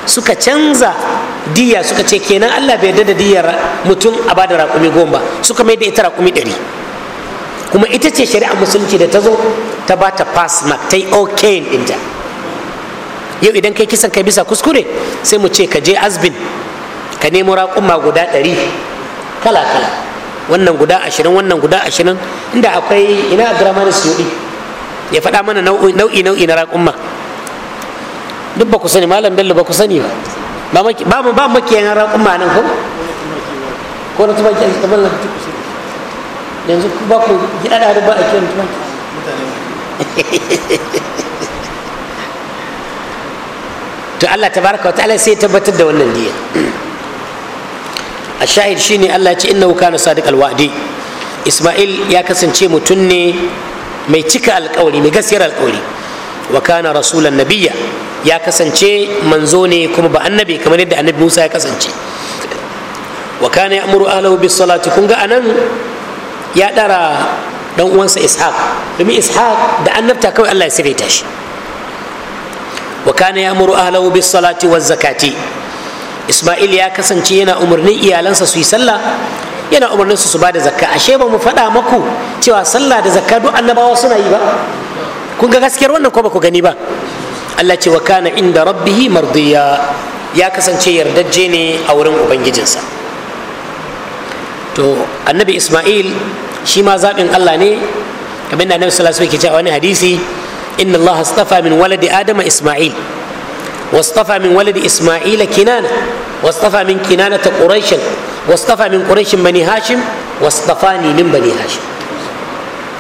S1: suka canza diya suka ce kenan allah bai yarda da diyar mutum a ba da raƙumi goma suka mai da ita raƙumi ɗari kuma ita ce shari'ar musulunci da ta zo ta ba ta pass mark ta yi okay ɗinta yau idan kai kisan kai bisa kuskure sai mu ce ka je asbin ka nemo raƙuma guda ɗari kala kala wannan guda ashirin wannan guda ashirin inda akwai ina abdurrahman suyudi ya faɗa mana nau'i nau'i na raƙumma duk ba ku sani malam bello ba ku sani ba ba makiyayin raƙumma nan ko ko na tumaki a kamar na yanzu ku ba ku gida da ba a kiran tumaki to Allah ta baraka wa ta'ala sai tabbatar da wannan diya a shahid ne Allah ya ce innahu kana sadiq alwa'di Isma'il ya kasance mutum ne mai cika alkawari mai gaskiyar alkawari wa kana rasulan ya kasance manzo ne kuma ba annabi kamar yadda annabi Musa ya kasance wa kana ya'muru ahlahu bis kun ga anan ya dara dan uwansa Ishaq domin Ishaq da annabta kawai Allah ya sirrita shi wa kana isma'il ya kasance yana umarnin iyalansa su yi sallah yana umarnin su su ba da zakka ashe ba mu faɗa maku cewa sallah da zakka duk annabawa suna yi ba kun ga gaskiyar wannan ko baku gani ba Allah ce wa kana inda rabbihi mardiya ya kasance yardajje ne a wurin ubangijinsa to annabi isma'il shi ma zaɓin Allah ne kamar da annabi sallallahu alaihi wasallam ke cewa wani hadisi inna Allah astafa min waladi adama isma'il واصطفى من ولد إسماعيل كنانة واصطفى من كنانة قريشا واصطفى من قريش بني هاشم واصطفاني من بني هاشم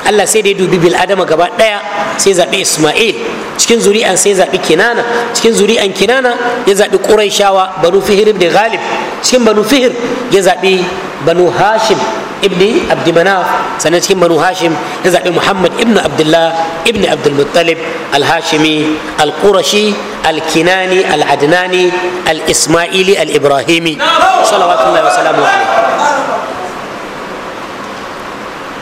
S1: Allah sai da ya dubi bil'adama gaba ɗaya sai zaɓi Ismail cikin zuri'an sai zaɓi Kinana cikin zuri'an Kinana ya zaɓi Qurayshawa Banu Fihir da Ghalib cikin Banu Fihir ya zaɓi Banu Hashim ibni abdi manaf sannan cikin banu hashim ya zaɓi muhammad Ibn abdullah ibni abdulmuttalib alhashimi alqurashi alkinani aladnani alisma'ili alibrahimi salawatullahi wasalamu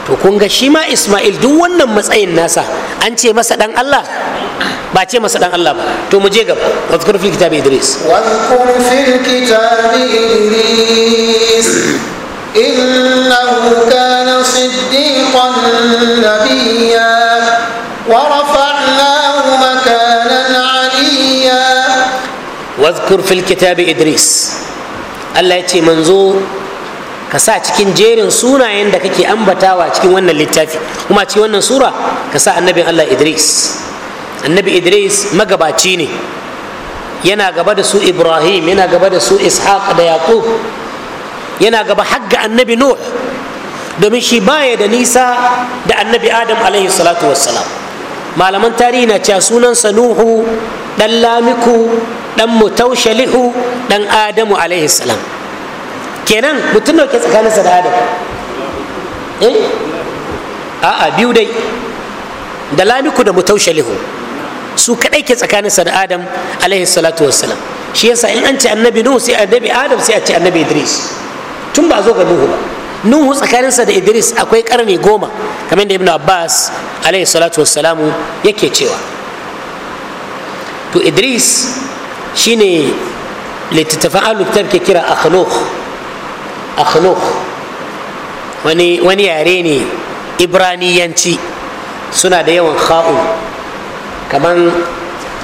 S1: to kun ga shi ma isma'il duk wannan matsayin nasa an ce masa ɗan allah ba ce masa dan Allah ba to mu je gaba idris
S2: إنه كان صديقا نبيا ورفعناه
S1: مكانا عليا واذكر في الكتاب إدريس الله يتي منزو ka sa cikin jerin sunayen da kake ambatawa cikin wannan littafi kuma cikin wannan sura ka sa annabin allah idris annabi idris magabaci ne yana gaba da su ibrahim yana gaba da su ishaq da yaqub yana gaba hagga annabi nuh domin shi baya da nisa da annabi adam alaihi salatu wassalam malaman tarihi na cewa sunansa nuhu dan lamiku dan mutaushalihu dan adamu alaihi salam kenan mutum da ke tsakaninsa da adam eh a'a biyu dai da lamiku da mutaushalihu su kadai ke tsakaninsa da adam alaihi salatu wassalam shi yasa in an ce annabi nuhu sai annabi adam sai a ce annabi idris tun ba zo ga nuhu ba nuhu tsakaninsa da idris akwai karni goma kamar da ibn abbas alaihi salatu wassalamu yake cewa to idris shine littattafan ta ke kira akhlukh akhlukh wani wani yare ne ibraniyanci suna da yawan kha'u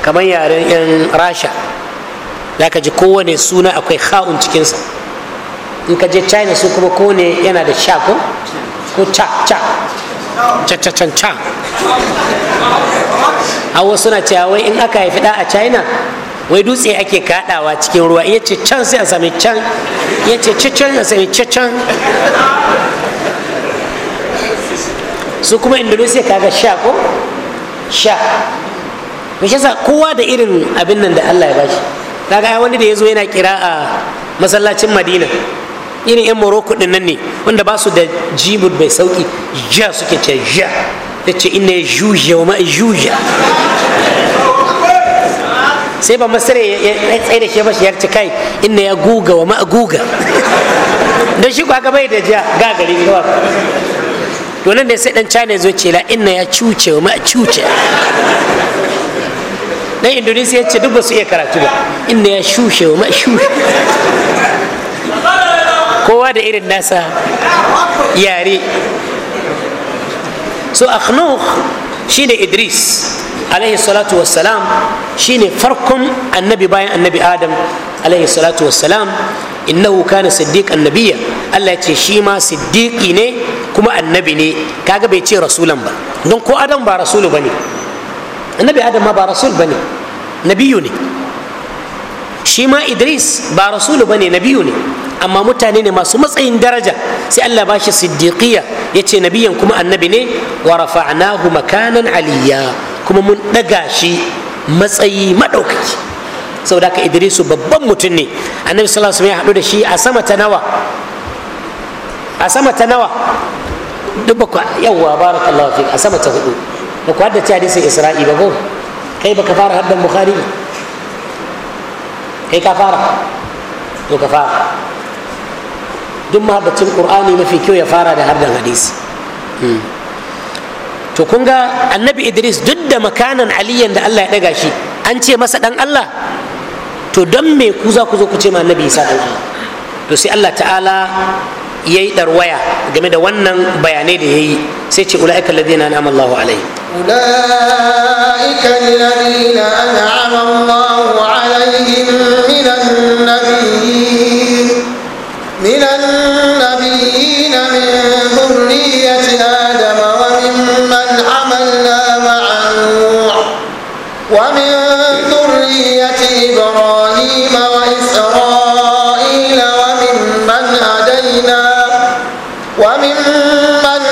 S1: kamar yaren yan rasha ka ji kowane suna akwai kha'un cikinsa in ka je china su kuma kone yana da sha ko ko cha cha cha cha cha hawa suna cewa wai in aka haifi da a china wai dutse ake kadawa cikin ruwa iya ce can sai a sami can iya ce can a sami can su kuma indonesia kaga sha ko sha shi yasa kowa da irin abin nan da allah ya bashi kaga wani da ya zo yana kira a masallacin madina irin yan morocco din nan ne wanda ba su da jimud mai sauki ja suke ce ja ta ce ina juja wa juja sai ba masare ya tsaye da shi ba shi ya kai ina ya guga wa guga don shi kwa bai da ja gari kawai to nan da sai dan china zo ce la ina ya cuce wa ma cuce dan indonesia ce duk ba su iya karatu ba ina ya shushe wa ma shushe kowa da irin nasa yare so akhnukh shine idris alaihi salatu wassalam shine farkon annabi bayan annabi adam alaihi salatu wassalam innahu kana siddiqan nabiyya Allah ya ce shi ma siddiqi ne kuma annabi ne kaga bai ce rasulan ba don ko adam ba rasulu bane annabi adam ma ba rasul bane nabiyu ne shi ma idris ba rasulu bane nabiyu ne amma mutane ne masu matsayin daraja sai Allah ba shi siddiqiyya ya ce nabiyan kuma annabi ne wa rafa'nahu makanan aliyya kuma mun ɗaga shi matsayi maɗaukaki saboda haka idrisu babban mutum ne annabi sallallahu alaihi wasallam ya haɗu da shi a sama ta nawa a sama ta nawa duk ba yawwa barakallahu fik a sama ta hudu ba ku haddace hadisin isra'i ba ko kai baka fara haddan bukhari kai ka fara to ka fara duk mahabbacin qur'ani mafi kyau ya fara da hardan hadisi hmm. to kun ga annabi idris duk da makanan aliyan da allah ya daga shi an ce masa ɗan allah to don me ku za ku zo ku ce ma annabi isa dan allah to sai allah ta'ala ya yi ɗarwaya game da wannan bayanai da ya yi sai ce ula'ika ladina na amma Allahu alaihi ula'ika ladina na
S2: amma Allahu alaihim minan nabiyyin من النبيين من ذرية آدم وممن مع نوح ومن ذرية إبراهيم وإسرائيل وممن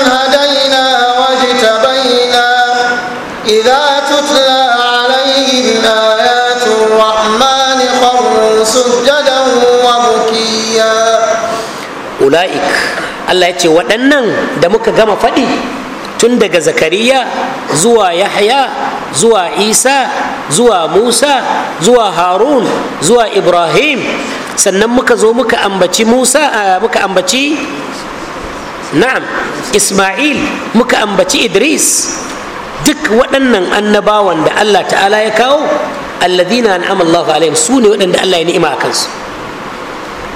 S2: هدينا واجتبينا إذا تتلى آيات الرحمن
S1: ula'ik Allah ya ce waɗannan da muka gama faɗi tun daga zakariya zuwa yahya zuwa isa zuwa musa zuwa harun zuwa ibrahim sannan muka zo muka ambaci musa muka ambaci na'am isma'il muka ambaci idris duk waɗannan annabawan da allah ta'ala ya kawo alladina an'ama allahu alaihim su ne waɗanda allah ya ni'ima a kansu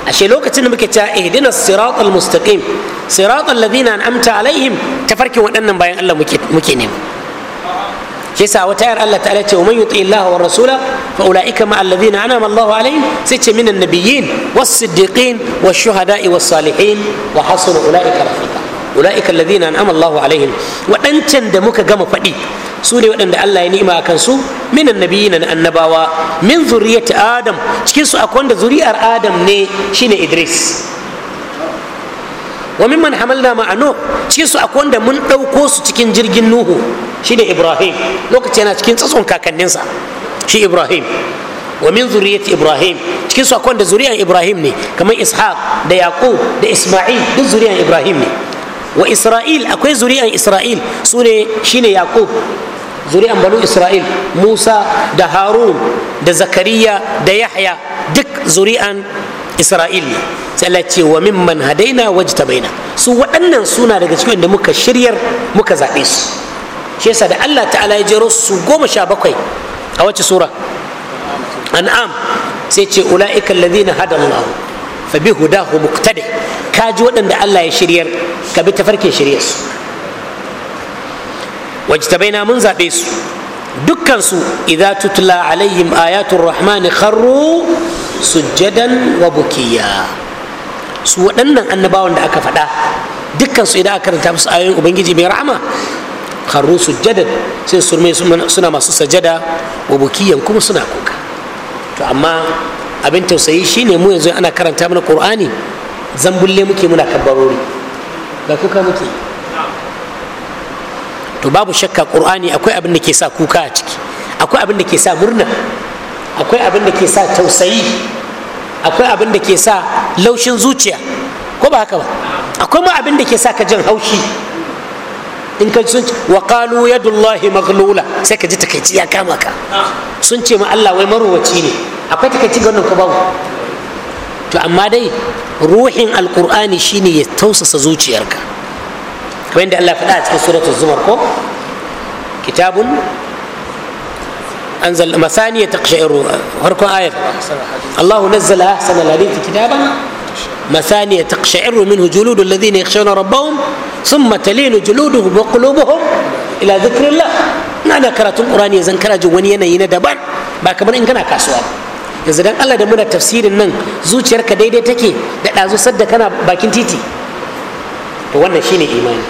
S1: ashe lokacin da muke cewa ihdina siratal mustaqim siratal ladina an'amta alaihim tafarkin waɗannan bayan Allah muke nema shi yasa wata yar Allah ta'ala ce wa man yuti Allah wa rasula fa ulaika ma alladhina an'ama Allah alaihim sai ce minan nabiyyin was siddiqin was shuhada'i was salihin wa hasuna ulaika rafiqa ula'ika alladhina an'ama Allahu alaihim waɗancan da muka gama faɗi su ne waɗanda Allah ya ni'ima kan su min annabiyina na annabawa min zuriyati adam cikin su akwai wanda zuri'ar adam ne shine Idris wa mimman hamalna ma'ano cikin su akwai mun ɗauko su cikin jirgin Nuhu shine Ibrahim lokaci yana cikin tsatson kakanninsa shi Ibrahim wa min zuriyati Ibrahim cikin su zuriyar Ibrahim ne kamar Ishaq da Yaqub da Isma'il duk zuriyar Ibrahim ne wa isra'il akwai zuri'an isra'il su ne shine yaqub zuri'an banu isra'il musa da harun da zakariya da yahya duk zuri'an isra'il ne sai Allah ce wa mimman hadaina wajtabaina su waɗannan suna daga cikin da muka shiryar muka zaɓe su shi yasa da Allah ta'ala ya jero su goma sha bakwai a wacce sura an'am sai ce ula'ika alladhina hada fa bi hudahu muqtadi ka ji waɗanda Allah ya shiryar ka bi tafarkin shiryar su wajtabaina mun zaɓe su dukkansu idza tutla alaihim ayatul rahmani kharru sujjadan wa bukiya su waɗannan annabawan da aka faɗa dukkansu idan aka karanta musu ayoyin ubangiji mai rahama kharru sujjadan sai suna masu sajada wa bukiyan kuma suna kuka to amma abin tausayi shine mu yanzu ana karanta mana qur'ani zambulle muke muna kabbarori ga kuka muke to babu shakka qur'ani akwai abin da ke sa kuka a ciki akwai abin da ke sa murna akwai abin da ke sa tausayi akwai abin da ke sa laushin zuciya ko ba haka ba akwai ma abin da ke sa ka jin haushi in ka sun ce wa qalu yadullahi maghlula sai ka ji takaici ya kama ka sun ce ma Allah wai marwaci ne akwai takaicin wannan ko babu to amma dai ruhin alkur'ani shine ya tausasa zuciyarka kamar yadda Allah faɗa a cikin suratul zumar ko kitabun أنزل مثانية تقشعر آية الله نزل أحسن الحديث كتابا مثانية تقشعر منه جلود الذين يخشون ربهم ثم تلين جلودهم وقلوبهم إلى ذكر الله أنا كرات القرآن يزن كرا جواني أنا ينا دبان باكبر إن كان كاسوان yanzu dan Allah da muna tafsirin nan zuciyarka daidai take da ɗazu sadda kana bakin titi to wannan shine imani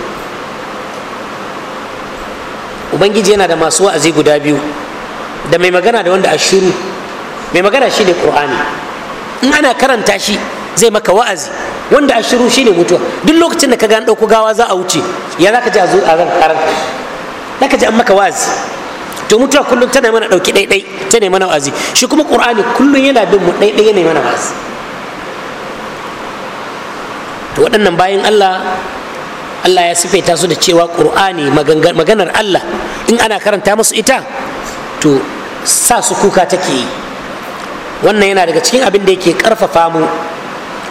S1: ubangiji yana da masu wa'azi guda biyu da mai magana da wanda a mai magana shine qur'ani in ana karanta shi zai maka wa'azi wanda a shiru shine mutuwa duk lokacin da ka ga an ɗauko gawa za a wuce ya za ka ji a zo a ran karanta za ka ji an maka wa'azi to mutuwa kullum tana mana ɗauki ɗaiɗai ne mana wazi shi kuma ƙur'ani kullum yana bin mu ɗaiɗai yana mana wazi to waɗannan bayan allah allah ya sifaita su da cewa ƙur'ani maganar allah in ana karanta musu ita to sa su kuka take yi wannan yana daga cikin abin da yake karfafa mu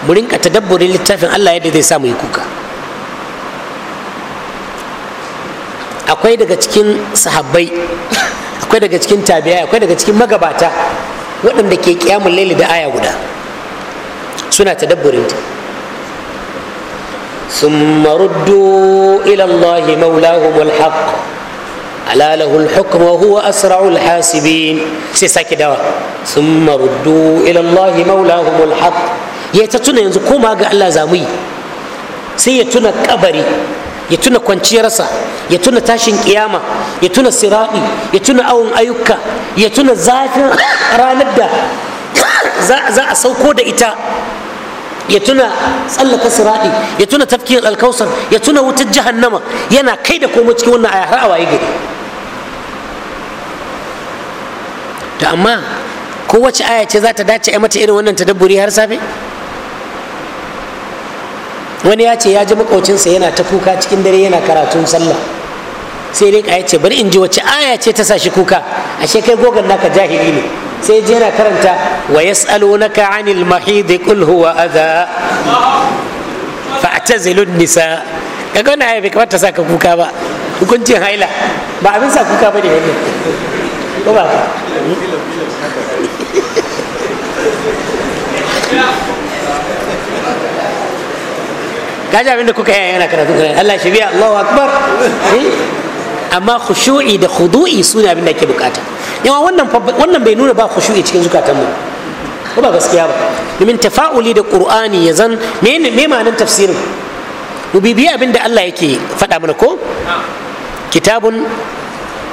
S1: mu rinka tadabburin littafin allah yadda zai sa mu yi kuka akwai daga cikin sahabbai akwai daga cikin tabiya akwai daga cikin magabata waɗanda ke kiyamun laili da aya guda suna ta dabburin ya ta tuna yanzu koma ga Allah zamu yi sai tuna kabari ya tuna kwanciyarsa ya tuna tashin kiyama ya tuna siraɗi ya tuna awon ayyuka ya tuna zafin ranar da za a sauko da ita ya tuna tsallaka siraɗi ya tuna tafkin alkausar ya tuna wutar jahannama yana kai da komo cikin wannan aya har a waye gari da amma kowace aya ce za ta dace a mata irin wannan tadabburi har safe wani ya ce ya ji makocinsa yana ta kuka cikin dare yana karatun sallah sai dai ka ce bari in ji wace aya ce ta sa shi kuka ashe kai gogan naka jahili ne sai je yana karanta wa yas'alunaka 'anil mahid qul huwa adha fa'tazilu nisa kaga wannan aya kamar ta sa ka kuka ba hukuncin haila ba abin sa kuka bane wannan ko ba gaja abinda kuka yaya yana karatu kuran Allah shi biya Allahu akbar eh? amma khushu'i da khudu'i su ne abinda ke bukata yawa wannan wannan bai nuna ba khushu'i cikin zukatan mu ko ba gaskiya ba domin tafa'uli da qur'ani ya zan me me ma'anar tafsirin dubibi abin abinda Allah yake faɗa mana ko kitabun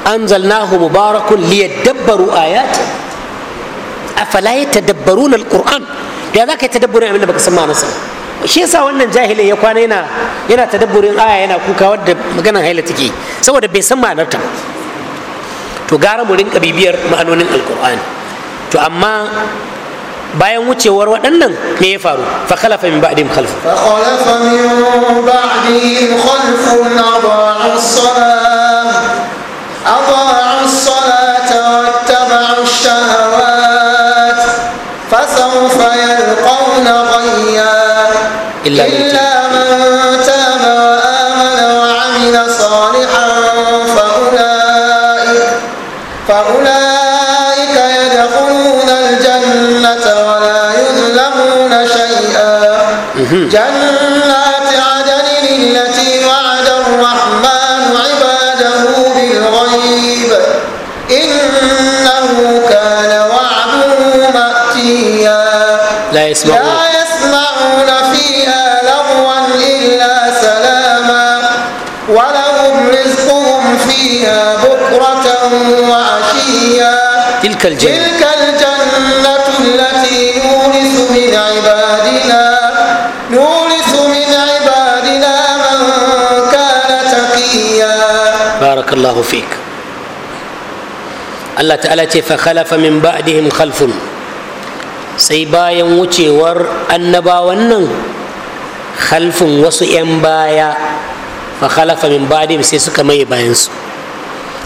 S1: anzalnahu mubarakun liyadabbaru ayat afala yatadabbaruna alquran ya zaka yi tadabburin abin da baka san ma'anarsa shi yasa wannan jahilin ya kwana yana ta tadabburin aya yana kuka wadda maganar haila take saboda bai san ma'anarta to gara mu rinka bibiyar ma'anonin alkur'ani to amma bayan wucewar waɗannan me ya faru fa khalafa min ba'dihim khalfu fa khalafa min ba'dihim khalfun adaa'u
S2: as-salah adaa'u as-salah إلا من تاب وآمن وعمل صالحا فأولئك, فأولئك يدخلون الجنة ولا يظلمون شيئا جنات عدن التي وعد الرحمن عباده بالغيب إنه كان وعده
S1: مأتيا لا يسمعون
S2: فيها بكرة وعشيا تلك الجنة, تلك الجنة التي نورث من عبادنا نورث من عبادنا من كان تقيا
S1: بارك الله فيك الله تعالى فخلف من بعدهم خلف sai bayan wucewar annabawan nan khalfin wasu 'yan baya fa khalafa min badim sai suka maye bayansu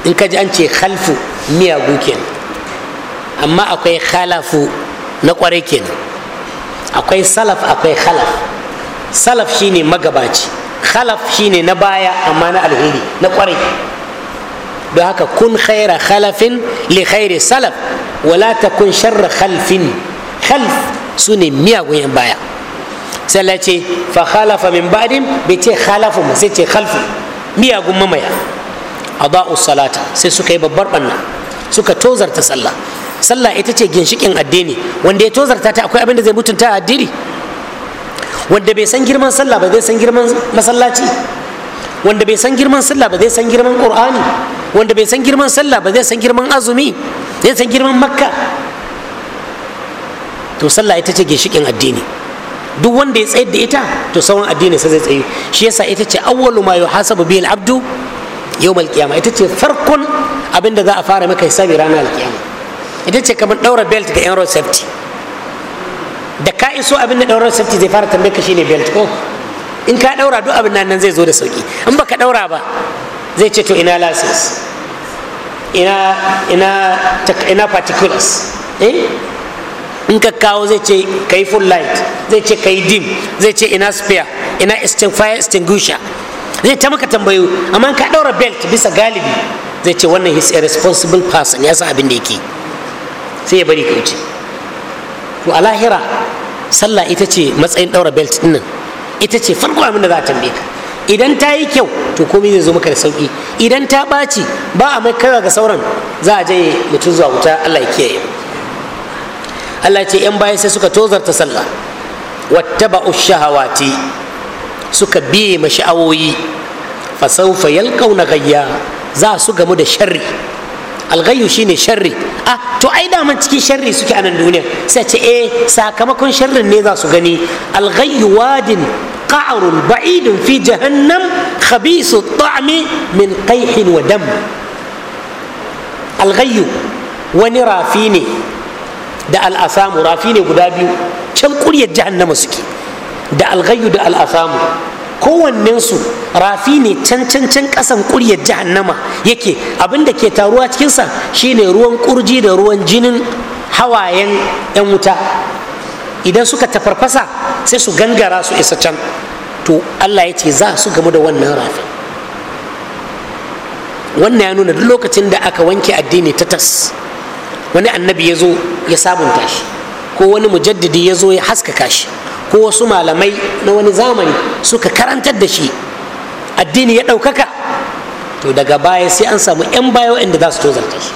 S1: in ka ji an ce khalfu miyagu kenan amma akwai khalafu na kwarai kenan akwai salaf akwai khalaf salaf shine magabaci khalaf shine na baya amma na alheri na kwarai don haka kun khaira khalafin li khairi salaf wala kun sharra khalfin khalf su ne miyagun yan baya sai ce fa khalafa min ba'din bai ce khalafu sai ce khalfu miyagun mamaya adha'u salata sai suka yi babbar banna suka tozarta sallah sallah ita ce ginshikin addini wanda ya tozarta ta akwai abin da zai mutunta addini wanda bai san girman sallah ba zai san girman masallaci wanda bai san girman sallah ba zai san girman qur'ani wanda bai san girman sallah ba zai san girman azumi zai san girman makka to sallah ita ce ginshikin addini duk wanda ya tsayar da ita to sauran addini sai zai tsaye shi yasa ita ce awwalu ma yuhasabu bihi al-abdu yau malkiyama ita ce farkon abin da za a fara maka hisabi ranar alkiyama ita ce kamar ɗaura belt ga yan road safety da ka iso abin da ɗaura safety zai fara tambayar ka shine belt ko in ka ɗaura duk abin nan zai zo da sauki in baka ɗaura ba zai ce to ina lasis ina ina ina particulars eh in ka kawo zai ce ka yi full light zai ce ka yi dim zai ce ina spare ina fire extinguisher zai ta maka tambayo amma ka ɗaura belt bisa galibi zai ce wannan his a responsible person ya san abin da yake sai ya bari ka wuce to a lahira sallah ita ce matsayin ɗaura belt dinnan. ita ce farko abin da za a tambaye ka idan ta yi kyau to komai zai zo maka da sauki idan ta ɓaci ba a mai kaiwa ga sauran za a je mutum zuwa wuta allah ya kiyaye allah ce yan baya sai suka tozarta sallah wattaba'u shahawati suka biye ma sha'awoyi fasaufa yalkauna gayya za su gamu da sharri algayu shine sharri a ah, to ai daman cikin sharri suke anan duniya sai e sakamakon sharrin ne za su gani algayu wadin ƙarun ba'idun fi jahannam khabisu ta'mi min qayhin wa dam algayu wani rafi ne da al'asamu rafi ne guda biyu can kuryar jahannama suke da alghayu da al'asamu kowannensu rafi ne can can can ƙasan ƙuryar jahannama yake abin da ke taruwa cikinsa shine ruwan ƙurji da ruwan jinin hawayen 'yan wuta idan suka tafarfasa sai su gangara su isa can to allah ya ce za su gamu da wannan rafi wannan ya nuna duk lokacin da aka wanke addini ta tas wani annabi ya zo ya sabunta shi ko wani mujaddidi ya zo ya haskaka shi ko wasu malamai na wani zamani suka karantar da shi addini ya ɗaukaka to daga baya sai an samu 'yan bayo inda za su zarta shi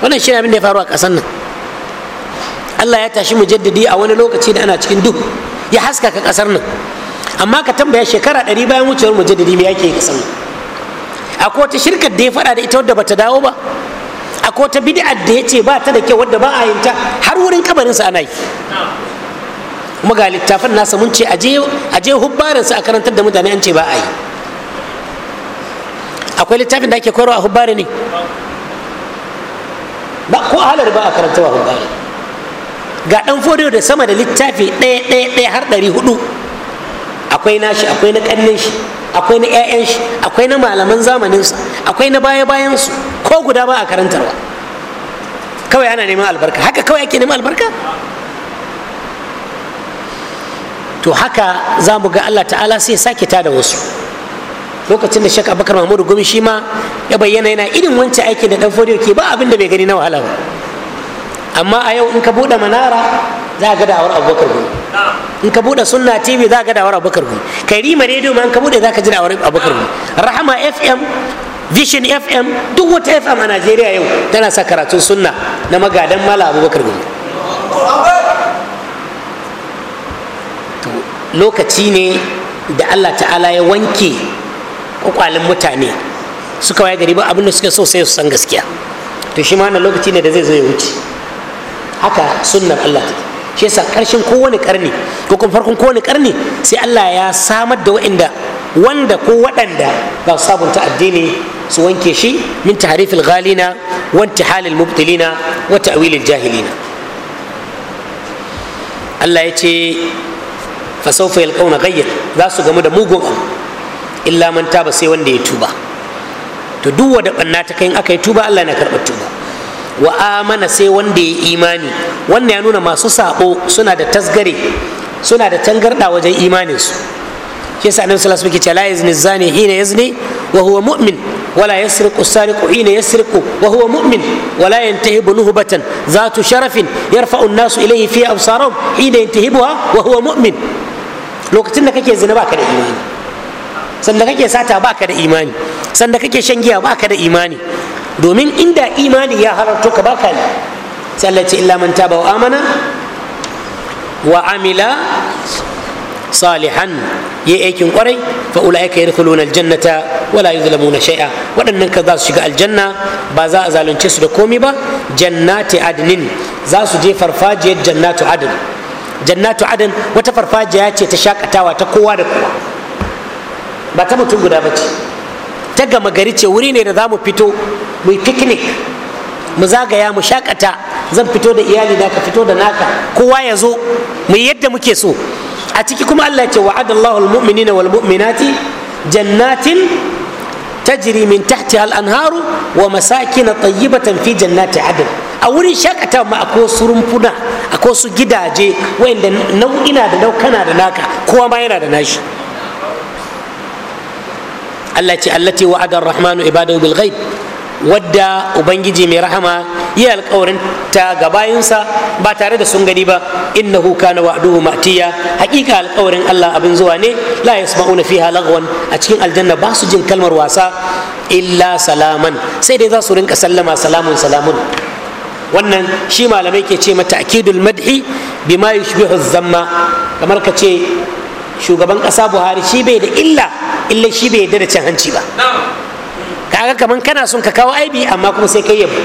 S1: wannan shi abin da ya faru a ƙasar nan allah ya tashi mujaddidi a wani lokaci da ana cikin duk ya haskaka ƙasar nan amma ka tambaya shekara ɗari bayan wucewar mujaddidi me yake ƙasar nan akwai wata shirkar da ya faɗa da ita wadda bata dawo ba akwai wata bid'ar da ya ce ba ta da kyau wadda ba a yinta har wurin kabarinsa ana yi kuma ga littafan nasa mun ce je hubbarin su a karantar da mutane an ce ba a yi akwai littafin da ake koyarwa a hubbari ne ba ko halar ba a karanta wa hubbari ga dan fodiyo da sama da littafi ɗaya ɗaya ɗaya har ɗari hudu akwai nashi akwai na ƙannen shi akwai na ƴaƴan shi akwai na malaman su akwai na baya bayan su ko guda ba a karantarwa kawai ana neman albarka haka kawai ake neman albarka to haka za mu ga allah ta'ala sai ya sake tada wasu lokacin da shek abakar mahmudu gumi shi ma ya bayyana yana irin wancan aiki da dan fodiyo ke ba abin bai gani na wahala ba amma a yau in ka buɗe manara za ga dawar abubakar gumi in ka buɗe sunna tv za ga dawar abubakar gumi kai rima rediyo ma in ka buɗe za ka ji dawar abubakar gumi rahama fm vision fm duk wata fm a najeriya yau tana sa karatun sunna na magadan mala abubakar gumi lokaci ne da allah ta'ala ya wanke kwakwalin mutane suka waye gari ba abin da suke so sai su san gaskiya to shi ma lokaci ne da zai zo ya wuce haka sunnar allah ta shi yasa karshen kowane karni ko kuma farkon kowane karni sai allah ya samar da wa'inda wanda ko waɗanda su sabunta addini su wanke shi min tahrifil ghalina wa intihalil mubtilina wa ta'wilil jahilina Allah ya ce fa sawfa yalqawna ghayyan za su gamu da mugun abu illa man taba sai wanda ya tuba to duk wanda banna ta kai in aka yi tuba Allah na karɓar tuba wa amana sai wanda ya imani wannan ya nuna masu sabo suna da tasgare suna da tangarda wajen imaninsu shi yasa annabi sallallahu alaihi wasallam yake yazni zani hina yazni wa huwa mu'min wala yasriqu sariqu hina yasriqu wa huwa mu'min wala yantahibu nuhbatan zatu sharafin yarfa'u an-nasu ilayhi fi absarihim hina yantahibuha wa huwa mu'min lokacin da kake zina baka da imani sanda kake sata baka da imani sanda kake shan giya baka da imani domin inda imani ya halarto ka baka ne sallaci illa man taba wa amana wa amila salihan ya aikin kwarai fa ulaika yadkhuluna aljannata wala yuzlamuna shay'a waɗannan ka za su shiga aljanna ba za a zalunce su da komi ba jannati adnin za su je farfajiyar jannatu adn jannatu adan wata farfajiya ce ta shakatawa ta kowa da kowa ba ta mutum guda ba ce ta gama gari ce wuri ne da za mu fito mu yi picnic mu zagaya mu shakata zan fito da iyali da ka fito da naka kowa ya zo mu yi yadda muke so a ciki kuma Allah ya ce wa'adallahu almu'minina wal mu'minati jannatin tajri min tahtiha al-anharu wa masakin tayyibatan fi jannati adan a wurin shakatawa ma akwai wasu rumfuna akwai wasu gidaje wayanda nau'ina da naukana da naka kowa ma yana da nashi Allah ce allati wa'ada ar-rahmanu ibadahu bil ghaib wadda ubangiji mai rahama yi alkawarin ta ga bayansa ba tare da sun gani ba innahu kana wa'duhu ma'tiya hakika alkawarin Allah abin zuwa ne la yasma'una fiha lagwan a cikin aljanna ba su jin kalmar wasa illa salaman sai dai za su rinka sallama salamun salamun wannan shi malamai ke ce mata akidul madhi bima yushbihu zamma kamar ka ce shugaban ƙasa buhari shi bai da illa illa shi bai da cin hanci ba kaga kaman kana son ka kawo aibi amma kuma sai yi yabo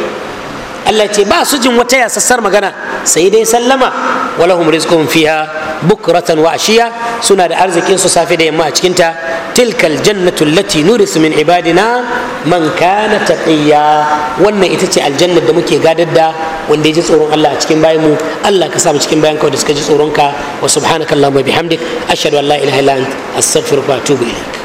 S1: Allah ce ba su jin wata yasassar magana sai dai sallama walahum rizquhum fiha bukratan wa ashiya suna da arzikin su safe da yamma a cikin ta tilkal jannatu allati nurisu min ibadina man kana taqiya wannan ita ce aljanna da muke gadar da wanda ya ji tsoron Allah a cikin bayan mu Allah ka sa mu cikin bayan ka da suka ji tsoron ka wa subhanakallahumma bihamdik ashhadu an la ilaha illa anta astaghfiruka wa atubu ilaik